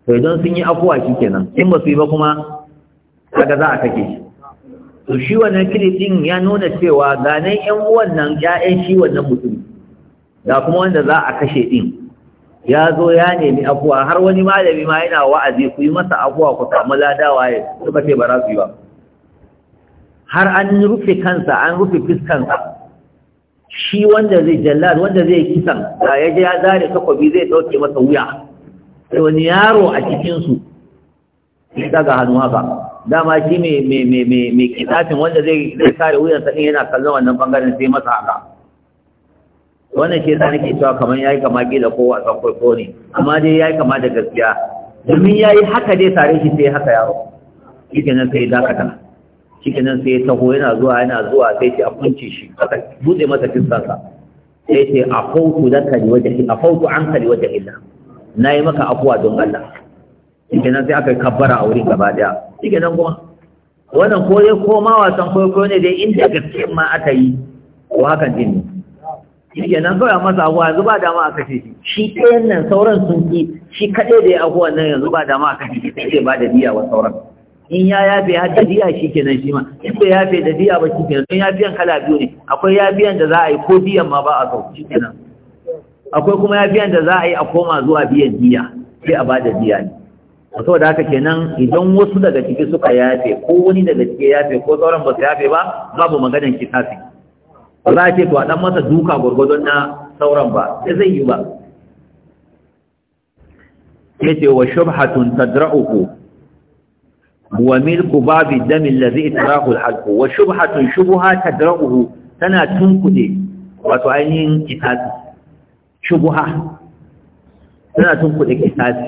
[SPEAKER 1] to idan sun yi afuwa shi kenan in ba su yi ba kuma kaga za a kake shi to shi wannan kilif ya nuna cewa ganin yan uwan nan ƴaƴan shi wannan mutum da kuma wanda za a kashe din ya zo ya nemi afuwa har wani malami ma yana wa'azi ku yi masa afuwa ku samu ladawa ya suka ce ba za su yi ba har an rufe kansa an rufe fiskansa shi wanda zai jallad wanda zai kisan da ya je ya zare takobi zai dauke masa wuya sai wani yaro a cikinsu ya daga hannu haka dama shi mai kisafin wanda zai kare wuyansa in yana kallon wannan bangaren sai masa haka wannan shi yasa nake cewa kamar yayi kama gida ko a tsakwai ko ne amma dai yayi kama da gaskiya domin yayi haka dai tare shi sai haka yaro nan sai dakata nan sai ya taho yana zuwa yana zuwa sai ce a kunce shi aka bude masa sa sai ce a fautu laka wajen a fautu kali liwajhi illa nayi maka afuwa don Allah nan sai aka kabbara a wurin gaba daya nan kuma wannan ko dai koma wasan kwaikwayo ne dai inda gaskiyar ma aka yi ko hakan din ne shi nan kawai masa abuwa yanzu ba dama a kashe shi shi ɗayan nan sauran sun ki shi kaɗai da ya abuwa nan yanzu ba dama a kashe shi sai ba da biya wa sauran in ya yafe har da biya shi nan shi ma in bai yafe da biya ba shi kenan don yafiyan kala biyu ne akwai yafiyan da za a yi ko biyan ma ba a sau shi nan akwai kuma yafiyan da za a yi a koma zuwa biyan biya sai a ba da biya ne saboda haka kenan idan wasu daga ciki suka yafe ko wani daga ciki yafe ko sauran ba su yafe ba babu maganan kitasi ba za a ce to ɗan masa duka gwargwadon na sauran ba sai zai yi ba ya ce wa shubhatun tadra'uhu wa milku babi damin lazi itirahu alhalku wa shubhatun shubuha tadra'uhu tana tunkuɗe wato ainihin kitasi shubuha tana tunkuɗe kitasi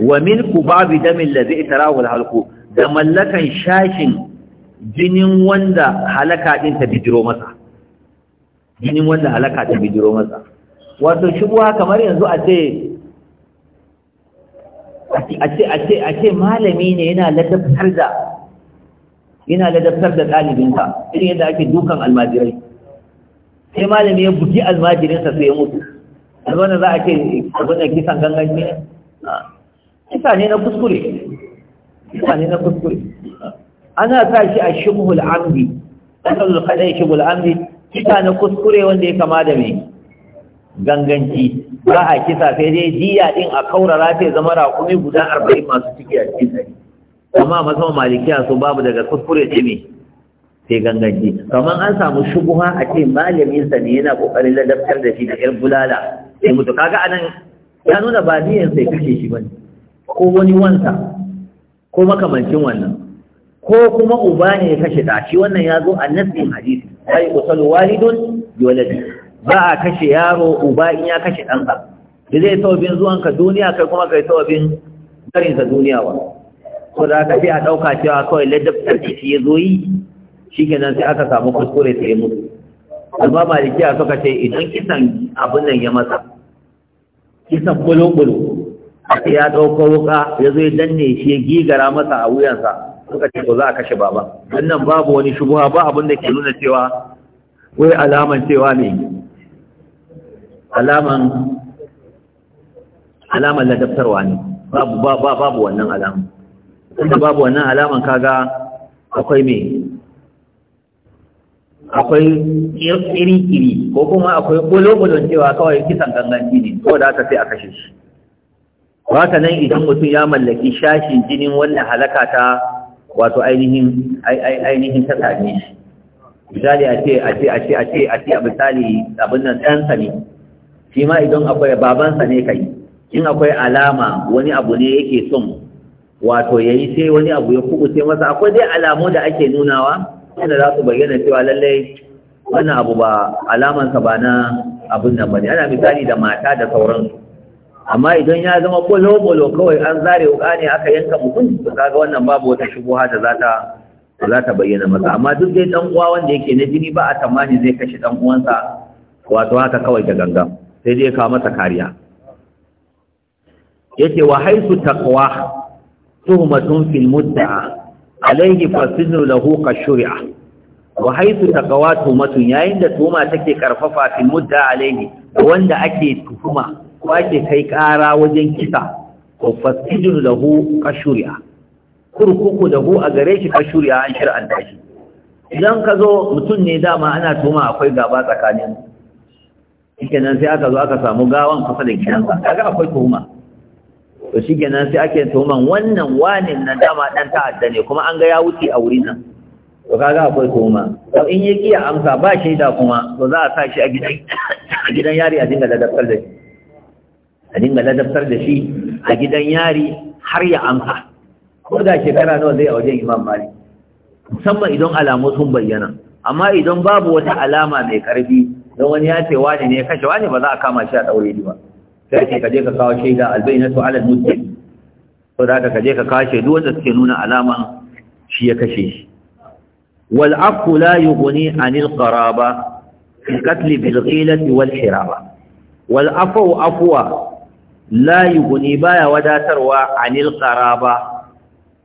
[SPEAKER 1] wa milku babi damin lazi itirahu alhalku da mallakan shashin jinin wanda halaka ɗin ta bijiro masa jinin wanda halaka ta bijiro masa wato shubuha kamar yanzu a ce a ce a ce a ce malami ne yana ladabtar da yana ladabtar da ɗalibinsa irin yadda ake dukan almajirai sai malami ya buki almajirinsa sai ya mutu alwana za a ce abin da kisan gangan ne kisa ne na kuskure kisa ne na kuskure ana sa shi a shubhul amdi da kaɗai shubhul amdi kisa na kuskure wanda ya kama da mai ganganci ba a kisa sai dai jiya din a kaurara sai zama raƙumi guda arba'in masu ciki a cikin sani amma masu malikiya su babu daga kuskure ta mai sai ganganci kamar an samu shubuha a ce malaminsa ne yana ƙoƙarin ladabtar da shi da 'yar bulala sai mutu kaga anan ya nuna ba niyan sai kashe shi bane ko wani wansa ko makamancin wannan ko kuma uba ne ya kashe ta shi wannan ya zo a nasin hadisi ai usul walidun yulad ba a kashe yaro uba in ya kashe ɗansa da zai zuwan zuwanka duniya kai kuma kai sababin sa duniya ba ko da aka a ɗauka cewa kawai ladabtar da shi ya yi shi sai aka samu kuskure sai mutu amma malikiya suka ce idan kisan abin nan ya masa kisan bulubulu ya dauko wuka yazo ya danne shi ya gigara masa a wuyansa suka ce to za a kashe baba wannan babu wani shubuha ba abin da ke nuna cewa wai alaman cewa ne alaman alaman ladabtarwa ne babu babu wannan alaman inda babu wannan alaman kaga akwai me akwai iri-iri ko kuma akwai ƙulo-ƙulon cewa kawai kisan ganganci ne ko da aka sai a kashe shi haka nan idan mutum ya mallaki shashin jinin wannan halaka ta wato ainihin ainihin ta same shi misali a ce a ce a ce a ce a ce a misali abin nan ɗansa ne shi ma idan akwai babansa ne kai in akwai alama wani abu ne yake son wato ya yi sai wani abu ya kubuce masa akwai dai alamu da ake nunawa wanda za su bayyana cewa lallai wannan abu ba alamansa ba na abin nan ba ne ana misali da mata da sauransu amma idan ya zama bolo-bolo kawai an zare wuka ne aka yanka mutum to kaga wannan babu wata shubuha da za ta bayyana masa amma duk dai dan uwa wanda yake na jini ba a tamani zai kashe dan uwansa wato haka kawai da gangan sai dai kawo masa kariya yace wa haisu taqwa tuhmatun fil mudda alayhi fasidu lahu qashuria wa haisu taqwa tuhmatun yayin da tuhuma take karfafa fil mudda alayhi wanda ake tuhuma ko ake kai ƙara wajen kisa ko fasijin lahu kashuriya kurkuku da hu a gare shi kashuriya an shir'anta shi idan ka zo mutum ne dama ana tuma akwai gaba tsakanin shikenan sai aka zo aka samu gawan kusa da Ka kaga akwai tuhuma to shikenan sai ake tuhuman wannan wanin na dama dan ta'adda ne kuma an ga ya wuce a wurin nan to kaga akwai tuhuma to in ya kiya amsa ba shaida kuma to za a sa shi a gidan <coughs> a gidan yari a dinga ladabtar da shi a dinga ladabtar da shi a gidan yari har ya amsa ko da shekara nawa zai a wajen imam malik musamman idan alamu sun bayyana amma idan babu wata alama mai karfi don wani ya ce wani ne ya kashe wani ba za a kama shi a daure ni ba sai ce ka je ka kawo shaida albainatu ala al-mujtahid Ko da ka je ka kawo shaidu wanda suke nuna alama shi ya kashe shi wal aqu la yughni anil qaraba fi al-qatl bil ghilati wal hiraba wal afwa afwa la Guni baya wadatarwa anil qaraba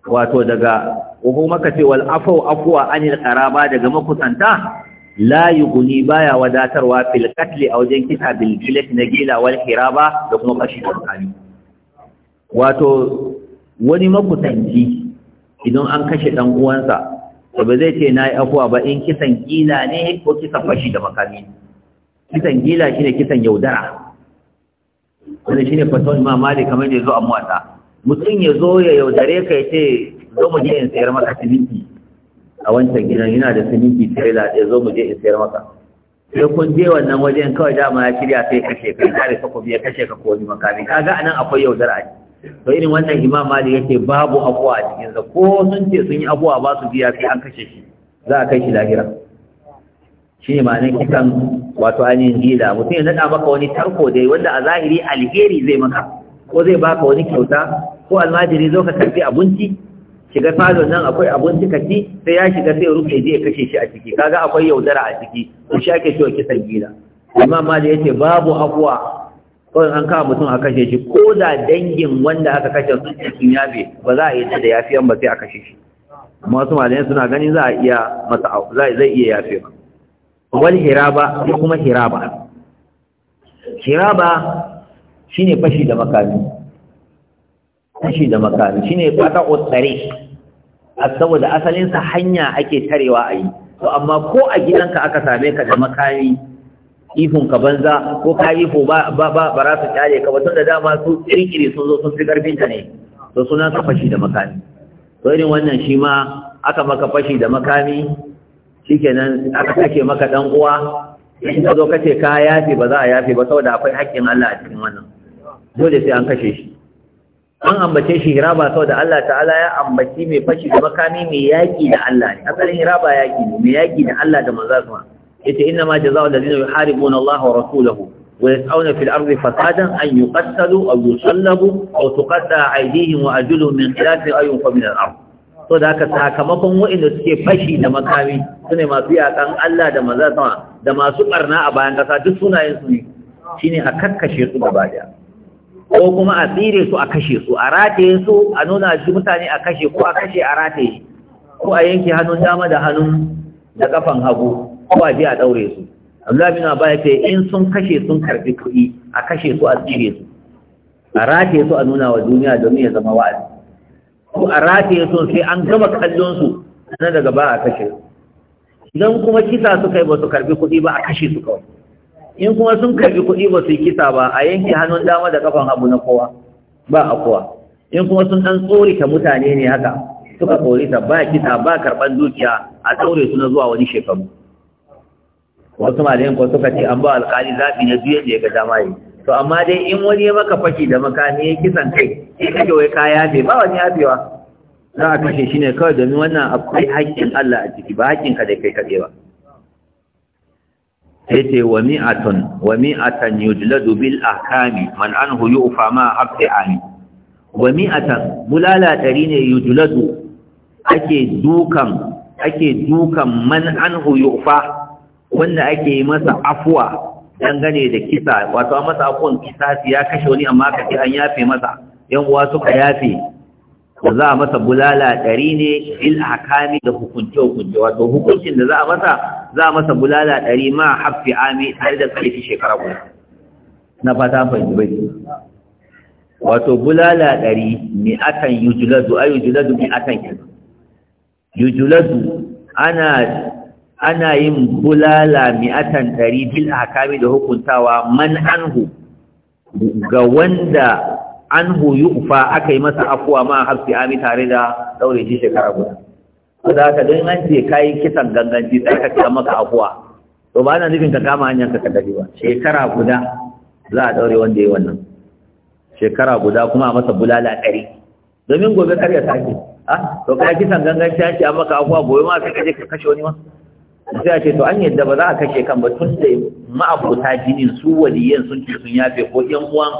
[SPEAKER 1] wato daga ubu maka ce wal afau afwa anil qaraba daga makusanta la guni baya wadatarwa fil a aw jan kita bil jilat na gila wal hiraba da kuma kashi da kani wato wani makusanci idan an kashe dan uwansa to ba zai ce nayi afwa ba in kisan gila ne ko kisan fashi da makami kisan gila shine kisan yaudara shi shine fatawar imam malik kamar da zo a muwata mutum ya zo ya yaudare ka ya ce zo mu je in sayar maka siminti a wancan gidan yana da siminti trailer ya eh, zo mu je in sayar maka sai kun je wannan wajen kawai dama ya shirya sai kashe kai, kare ka ko kashe ka ko wani makami kaga anan akwai yaudara a to irin wannan imam malik yake babu abuwa a cikin sa ko sun ce sun yi abuwa ba su biya sai an kashe shi za a kai shi lahira shi ne ma'anin kisan wato ainihin gida. mutum ya naɗa maka wani tarko da wanda a zahiri alheri zai maka ko zai baka wani kyauta ko almajiri zo ka karfi abinci shiga falon nan akwai abinci ka ci sai ya shiga sai rufe je ya kashe shi a ciki kaga akwai yaudara a ciki ko shi ake cewa kisan gida amma ma da yace babu afuwa ko an kawo mutum a kashe shi ko da dangin wanda aka kashe sun cikin yabe ba za a yi da yafiyan ba sai a kashe shi amma wasu malayan suna ganin za a iya masa zai iya yafe ba wal hiraba ko kuma hiraba hiraba shine fashi da makami fashi da makami shine fata utsare saboda asalin sa hanya ake tarewa ayi to amma ko a gidanka aka same ka da makami ifin ka banza ko ka ifo ba ba ba ba su tare ka ba tunda dama su kirkire sun zo sun fi karfin ka ne to sunan ka fashi da makami to irin wannan shi ma aka maka fashi da makami shikenan aka sake maka dan uwa in ka zo kace ka yafe ba za a yafe ba saboda akwai haƙƙin Allah a cikin wannan dole sai an kashe shi an ambace shi hiraba saboda Allah ta'ala ya ambaci mai fashi da makami mai yaƙi da Allah ne asalin hiraba yaƙi ne mai yaƙi da Allah da manzo sama yace inna ma jazaa'u allazina yuharibuna Allah wa rasulahu wa yas'una fil ardi fasadan an yuqattalu aw yusallabu aw tuqatta aydihim wa arjuluhum min khilaf aw yunfa min al-ard so da aka sakamakon wa'inda suke fashi da makami su ne masu yakan Allah da maza sama da masu ɓarna a bayan ƙasa duk sunayen su ne shi ne a kakkashe su da baya ko kuma a tsire su a kashe su a rataye su a nuna shi mutane a kashe ko a kashe a rataye ko a yanke hannun dama da hannun da kafan hagu ko a je a daure su Abdullahi bin Abba ya ce in sun kashe sun karbi kuɗi a kashe su a tsire su a rataye su a nuna wa duniya domin ya zama wa'azi ko a rataye sun sai an gama kallon su na daga ba a kashe idan kuma kisa suka yi ba su karbi kuɗi ba a kashe su kawai in kuma sun karbi kuɗi ba su yi kisa ba a yanke hannun dama da kafan abu na kowa ba a kowa in kuma sun ɗan tsorita mutane ne haka suka tsorita ba kisa ba karɓar dukiya a tsore su na zuwa wani shekaru wasu malayin ko suka ce an ba alƙali zaɓi na biyar da ya ga dama yi to amma dai in wani ya maka fashi da makami ya kisan kai in kake wai kaya ne ba wani yafewa za a kashe shi ne kawai domin wannan akwai haƙƙin Allah a ciki ba haƙƙin ka da kai kaɗai ba sai ce wa mi'atun wa mi'atan yujladu bil ahkami man huyu ufa ma haqqi ani wa mi'atan bulala ɗari ne yujladu ake dukan ake dukan man huyu ufa wanda ake yi masa afuwa dangane da kisa wato a masa akon kisasi ya kashe wani amma ka an yafe masa yan uwa suka yafe ko za a masa bulala ɗari ne il hakami da hukunce hukunce wato hukuncin da za a masa za a masa bulala ɗari ma haffi ami tare da tsarki shekara ko na fata fahimci bai wato bulala ɗari mai akan yujuladu a yujuladu mai akan kenan yujuladu ana ana yin bulala mi'atan ɗari bil hakami da hukuntawa man anhu ga wanda anhu ufa aka yi masa afuwa ma hafi ami tare da ɗaure shi shekara guda ko da haka don an ce yi kisan ganganci sai ka kira maka afuwa to ba na nufin ka kama hanyar ka kadari ba shekara guda za a ɗaure wanda ya wannan shekara guda kuma a masa bulala ɗari domin gobe kar ya sake ah to kai kisan ganganci an ce a maka afuwa gobe ma sai ka je ka kashe wani ma sai a ce to an yadda ba za a kashe kan ba tun da ma'abuta jinin su waliyan sun ce sun yafe ko yan uwan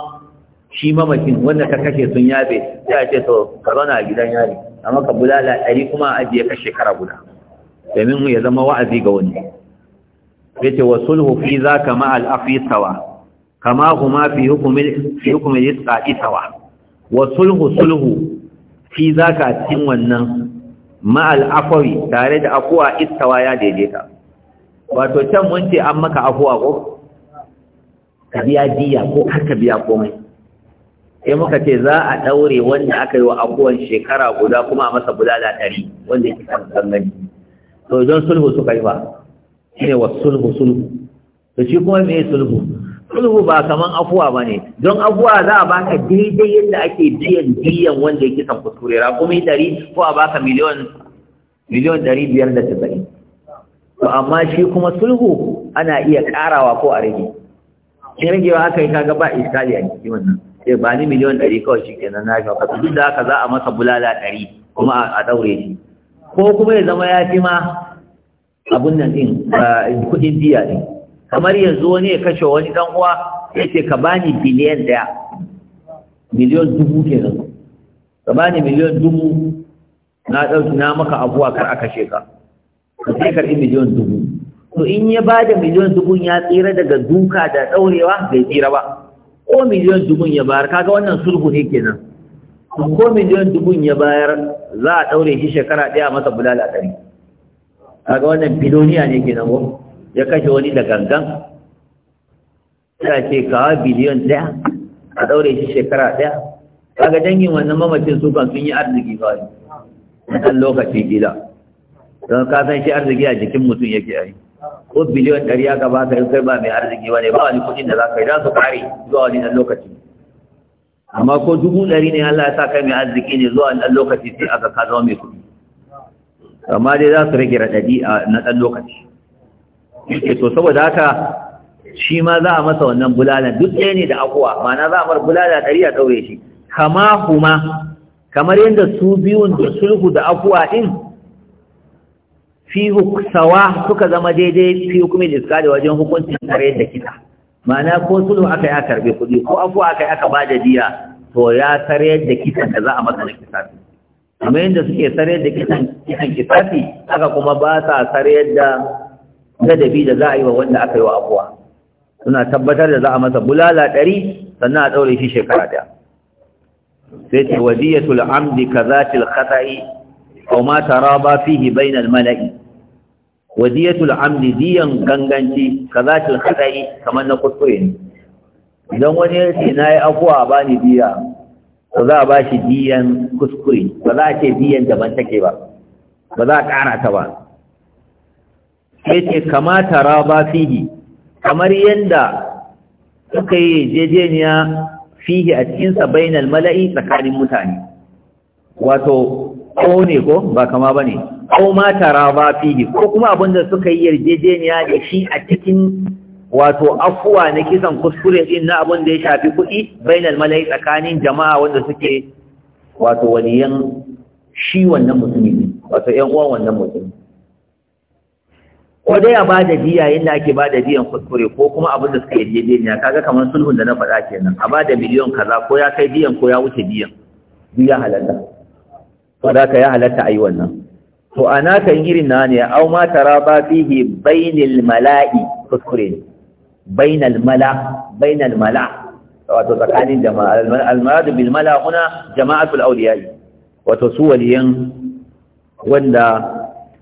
[SPEAKER 1] shi mamakin wanda ka kashe sun yafe sai a ce to ka zauna a gidan yari amma ka bulala ɗari kuma a ajiye ka shekara guda domin ya zama wa'azi ga wani sai ce wa sulhu fi za ka ma'al afi sawa kama kuma fi hukumin iska isawa wa sulhu sulhu fi za ka cin wannan ma'al afawi tare da afuwa istawa ya daidaita wato can mun ce an maka afuwa ko ka biya diya ko har ka biya komai sai muka ce za a daure wanda aka yi wa afuwan shekara guda kuma a masa bulala ɗari wanda yake kan gangani to don sulhu suka yi ba shine wa sulhu sulhu to shi kuma me sulhu sulhu ba kaman afuwa ba ne don afuwa za a baka daidai yadda ake biyan biyan wanda ya kisan kuskure yi ɗari ko a baka miliyon miliyon ɗari biyar da tasa'in to amma shi kuma sulhu ana iya karawa ko a rage in ba aka yi kaga ba iskali a jiki wannan sai eh, ba ni miliyon ɗari kawai shi kenan na shi wakasa duk da haka za a masa bulala ɗari kuma a ɗaure shi ko kuma ya zama ya fi ma abun nan din kuɗin biya ne kamar yanzu wani ya kashe wani dan uwa ya ce ka bani biliyan daya miliyon dubu ke nan ka bani miliyon dubu na ɗauki na maka abuwa kar a kashe ka ka sai karɓi miliyon dubu to in ya ba da miliyon dubu ya tsira daga duka da ɗaurewa bai tsira ba ko miliyon dubu ya bayar kaga wannan sulhu ne kenan ko miliyon dubu ya bayar za a ɗaure shi shekara ɗaya masa bulala ɗari kaga wannan biloniya ne kenan ko ya kashe wani da gangan ya ce kawo biliyon ɗaya a ɗaure shi shekara ɗaya kaga dangin wannan mamacin su kan sun yi arziki kawai na ɗan lokaci gida don ka san shi arziki a jikin mutum yake yi ko biliyon ɗari ya ba ka yi kai ba mai arziki ba ne ba wani kuɗin da za ka yi za su ƙare zuwa wani ɗan lokaci amma ko dubu ɗari ne Allah ya sa kai mai arziki ne zuwa ɗan lokaci sai aka ka zama mai kuɗi amma dai za su rage raɗaɗi na ɗan lokaci yake to saboda haka shi ma za a masa wannan bulala duk ɗaya ne da akuwa ma'ana za a bar bulala ɗari a ɗaure shi kama kuma kamar yadda su biyun da sulhu da akuwa ɗin fi sawa suka zama daidai fi hukumin da wajen hukuncin tare da kisa ma'ana ko sulhu aka yi a karbe kuɗi ko akuwa aka yi aka ba da diya to ya tare da kisan da za a masa na kisafi kamar yadda suke tare da kisan kisafi haka kuma ba sa tare da ladabi da za a yi wa wanda aka yi wa abuwa suna tabbatar da za a masa bulala ɗari sannan a ɗaure shi shekara ɗaya sai ce wadiyatul amdi ta khata'i ko ma raba fihi bainal mala'i wadiyatul amdi diyan ganganci ta khata'i kamar na kuskure ne idan wani ya ce na yi abuwa a bani diya ba za a ba shi diyan kuskure ba za a ce diyan daban take ba ba za a ƙara ta ba
[SPEAKER 2] Yace ce kamata raba
[SPEAKER 1] fihi kamar yadda suka yi jejeniya fihi a cikinsa bainal mala'i tsakanin mutane wato ko ne ko ba kama ba ne ko mata raba fihi ko kuma abinda suka yi yarjejeniya da shi a cikin wato afuwa na kisan kuskure din na abin da ya shafi kuɗi bainal mala'i tsakanin jama'a wanda suke wato waliyan shi wannan mutumin wato ƴan uwan wannan mutumin ko dai a bada diya yadda ake bada diyan kuskure ko kuma abin da suka yi yarjejeniya kaga kamar sulhun da na faɗa kenan a bada miliyon kaza ko ya kai diyan ko ya wuce diyan duk ya halatta ko da ka ya halatta ayi wannan to ana kan irin na ne au ma tara ba fihi bainal mala'i kuskure ne bainal mala bainal mala wato tsakanin jama'a al-maradu bil mala huna jama'atul awliya wato su waliyan wanda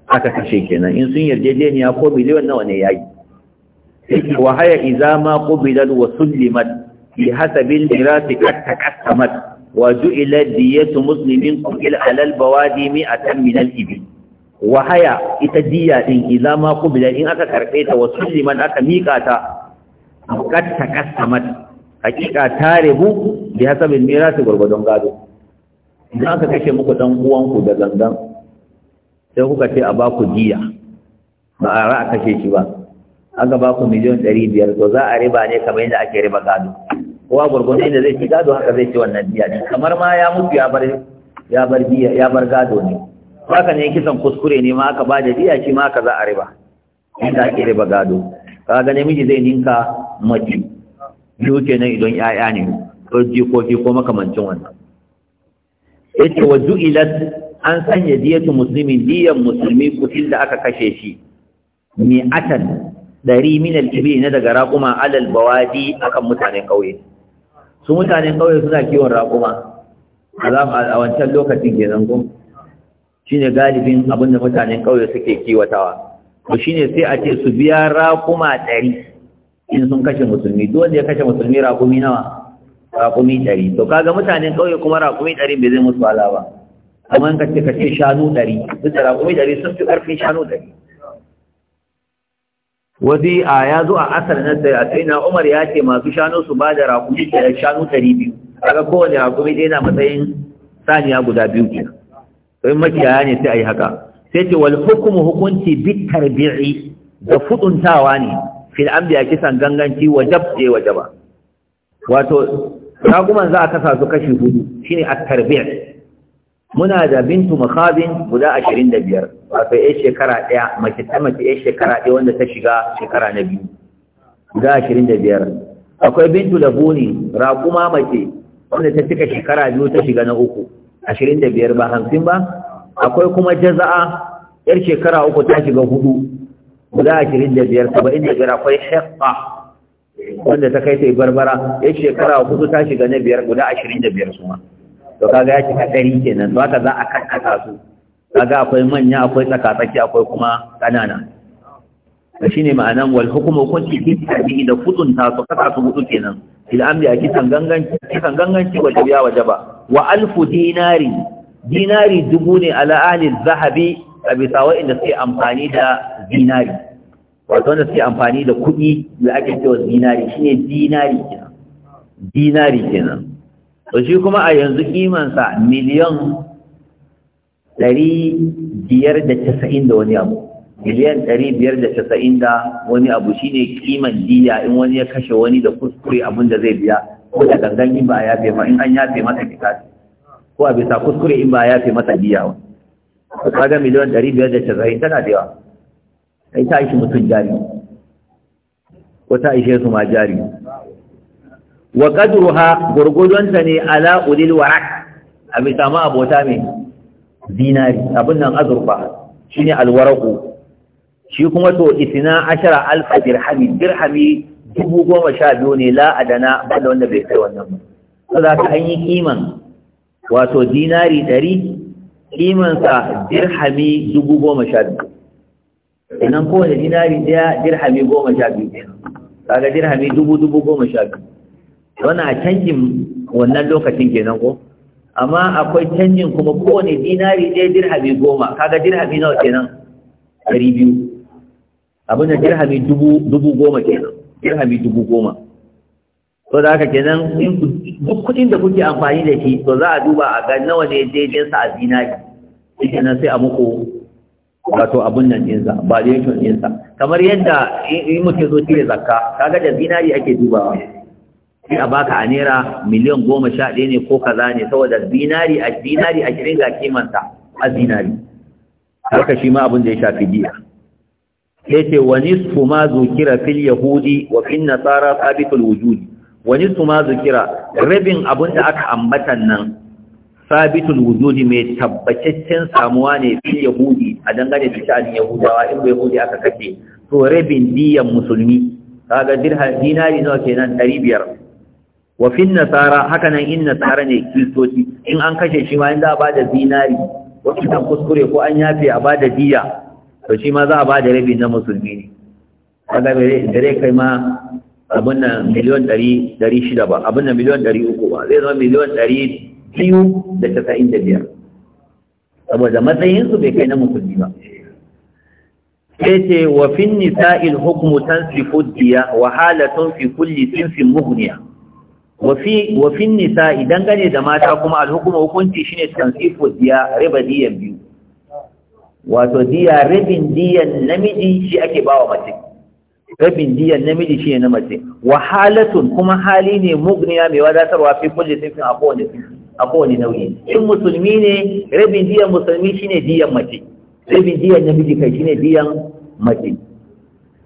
[SPEAKER 1] aka kashe kenan in sun yarjejeniya ko miliyon nawa ne yayi wa haya idza ma qubilat wa sullimat bi hasabil mirasi qad taqassamat wa ju'ila diyatu muslimin qil ala al bawadi mi'atan min al ibil wa haya ita diya din idza ma qubilat in aka karbe ta wa sulliman aka mika ta qad taqassamat hakika ta rebu bi hasabil mirasi gurgudun gado idan aka kashe muku dan uwanku da gangan sai kuka ce a ba ku jiya ba a ra'a kashe shi ba aka ba ku miliyan ɗari biyar to za a riba ne kamar yadda ake riba gado kowa gurgurda inda zai ci gado haka zai ci wannan jiya ne kamar ma ya mutu ya bar ya bar jiya ya bar gado ne haka ne kisan kuskure ne ma aka ba da jiya shi ma aka za a riba
[SPEAKER 2] inda ake riba
[SPEAKER 1] gado ga namiji zai ninka mace biyu kenan idan 'ya'ya ne ko jikoki ko makamancin wannan yace wa ju'ilat an sanya diyatu musulmi diyan musulmi kutil da aka kashe shi mi atan dari min al na daga raquma alal bawadi akan mutanen kauye su mutanen kauye suna kiwon raquma azam a wancan lokacin kenan ko shine galibin abin da mutanen kauye suke kiwatawa to shine sai a ce su biya raquma dari in sun kashe musulmi Dole ya kashe musulmi raqumi nawa raqumi dari to kaga mutanen kauye kuma raƙumi dari bai zai musu ala ba amma ka ce ka ce shanu ɗari duk da raƙumi ɗari sun fi ƙarfin shanu ɗari wasu a ya zo a asar na a sai na umar ya ce masu shanu su ba da raƙumi da shanu ɗari biyu Aka kowane raƙumi ɗaya na matsayin saniya guda biyu ke to in makiyaya ne sai a yi haka sai ce wal hukumu hukunci bi tarbi'i da fuduntawa ne fil anbiya kisan ganganci wajab je wajaba wato raguman za a kasa su kashi hudu shine at-tarbi' muna da bintu makhabin guda 25 wato ya shekara ɗaya mace ta mace ya shekara ɗaya wanda ta shiga shekara na biyu guda 25 akwai bintu labuni Raƙuma mace wanda ta cika shekara biyu ta shiga na uku 25 ba hamsin ba akwai kuma jaza'a yar shekara uku ta shiga hudu guda 25 biyar akwai hiqqa wanda ta kai ta yi barbara yar shekara hudu ta shiga na biyar guda 25 suma to kaga ya cika ɗari kenan to haka za a kakkasa su kaga akwai manya akwai tsakatsaki akwai kuma ƙanana da shine ma'anan wal hukumu hukunci fi tabi'i da kutunta su kasa su hudu kenan fil amri a kisan ganganci kisan ganganci wa jabiya wa jaba wa alfu dinari dinari dubu ne ala ahli zahabi a bisa wa'inda suke amfani da dinari wato wanda suke amfani da kuɗi da ake cewa dinari shine dinari kenan dinari kenan to shi kuma a yanzu kimansa miliyan ɗari biyar da casa'in da wani abu miliyan ɗari biyar da casa'in da wani abu shine kiman diya in wani ya kashe wani da kuskure abin da zai biya ko da gangan in ba a yafe ma in an yafe masa fita ko a bisa kuskure in ba a yafe masa diya wa kaga miliyan ɗari biyar da casa'in tana da yawa sai ta ishi mutum jari ko ta ishe su ma jari wa qadruha ta ne ala ulil warak a bisa ma abota mai zinari abin nan azurfa shine alwaraku shi kuma to isina ashara alfa dirhami dirhami dubu goma sha biyu ne la adana ba da wanda bai kai wannan ba za ka an yi kiman wato dinari ɗari kimansa dirhami dubu goma sha biyu sannan kowane dinari ɗaya dirhami goma sha biyu kaga dirhami dubu dubu goma sha biyu wani a canjin wannan lokacin kenan ko amma akwai canjin kuma kowane dinari ɗaya dirhami goma kaga dirhami nawa kenan ɗari biyu abin da dirhami dubu goma kenan dirhami dubu goma to da haka kenan duk kuɗin da kuke amfani da shi to za a duba a ga nawa ne daidinsa a zinari kenan sai a muku wato abun nan ɗinsa valuation ɗinsa kamar yadda in mutum zo cire zakka kaga da zinari ake dubawa sai a baka a naira miliyan goma sha ɗaya ne ko kaza ne saboda zinari a zinari a shirin ga kimanta a zinari haka shi ma abin da ya shafi biya sai ce wa nisfu ma zukira fil yahudi wa fil nasara sabitul wujudi wa nisfu ma zukira rabin abin da aka ambata nan sabitul wujudi mai tabbataccen samuwa ne fil yahudi a dangane da sha'anin yahudawa in bai yahudi aka kace to rabin diyan musulmi kaga dirham dinari nawa kenan 500 wa fin nasara haka nan in nasara ne kiristoci in an kashe shi ma inda a ba da zinari wasu kan kuskure ko an yafe a ba da diya to shi ma za a ba da rabi na musulmi ne kaga da rai kai ma abin nan miliyon ɗari ɗari shida ba abin nan miliyon ɗari uku ba zai zama miliyon ɗari biyu da casa'in da biyar saboda matsayinsu bai kai na musulmi ba sai ce wa fin nisa'il hukmu tansifu diya wa halatun fi kulli fi muhniya wafi wafin nisa idan gane da mata kuma alhukuma hukunci shine tansifu diya riba diyan biyu wato diya rabin diyan namiji shi ake bawa mace rabin diyan namiji shine na mace wahalatun kuma hali ne mugniya mai wadatarwa fi kulli sifin a kowane a kowane nauyi in musulmi ne rabin diyan musulmi shine diyan mace rabin diyan namiji kai shine diyan mace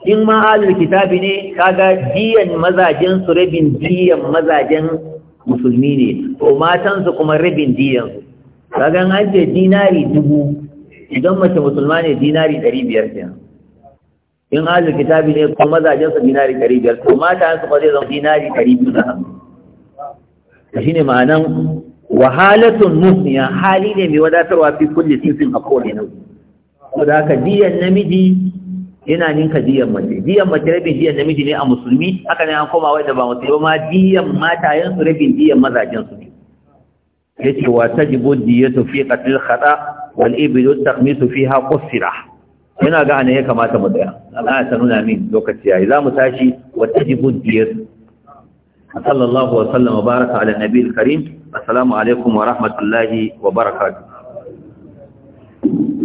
[SPEAKER 1] in ma alul kitabi ne kaga diyan mazajen su rabin diyan mazajen musulmi ne to matan su kuma rabin diyan su kaga an je dinari dubu idan mace musulma ne dinari 500 biyar kenan in alul kitabi ne kuma mazajen su dinari 500 biyar to matan su kuma zai zama dinari ɗari biyu da ne ma'anan wahalatun musniya hali ne mai wadatarwa fi kulli sinsin akwai ne nau'i. Saboda diyan namiji yana ninka diyan mace diyan mace rabin diyan namiji ne a musulmi haka ne an koma wanda ba musulmi ma diyan matayen su rabin diyan mazajen su ne yace wa tajibu diyatu fi qatl khata wal ibl taqmisu fiha qusira yana ga ne ya kamata mu tsaya Allah ya nuna min lokaci yayi za mu tashi wa tajibu diyatu sallallahu wa sallam wa baraka ala nabiyil karim assalamu alaikum wa rahmatullahi wa barakatuh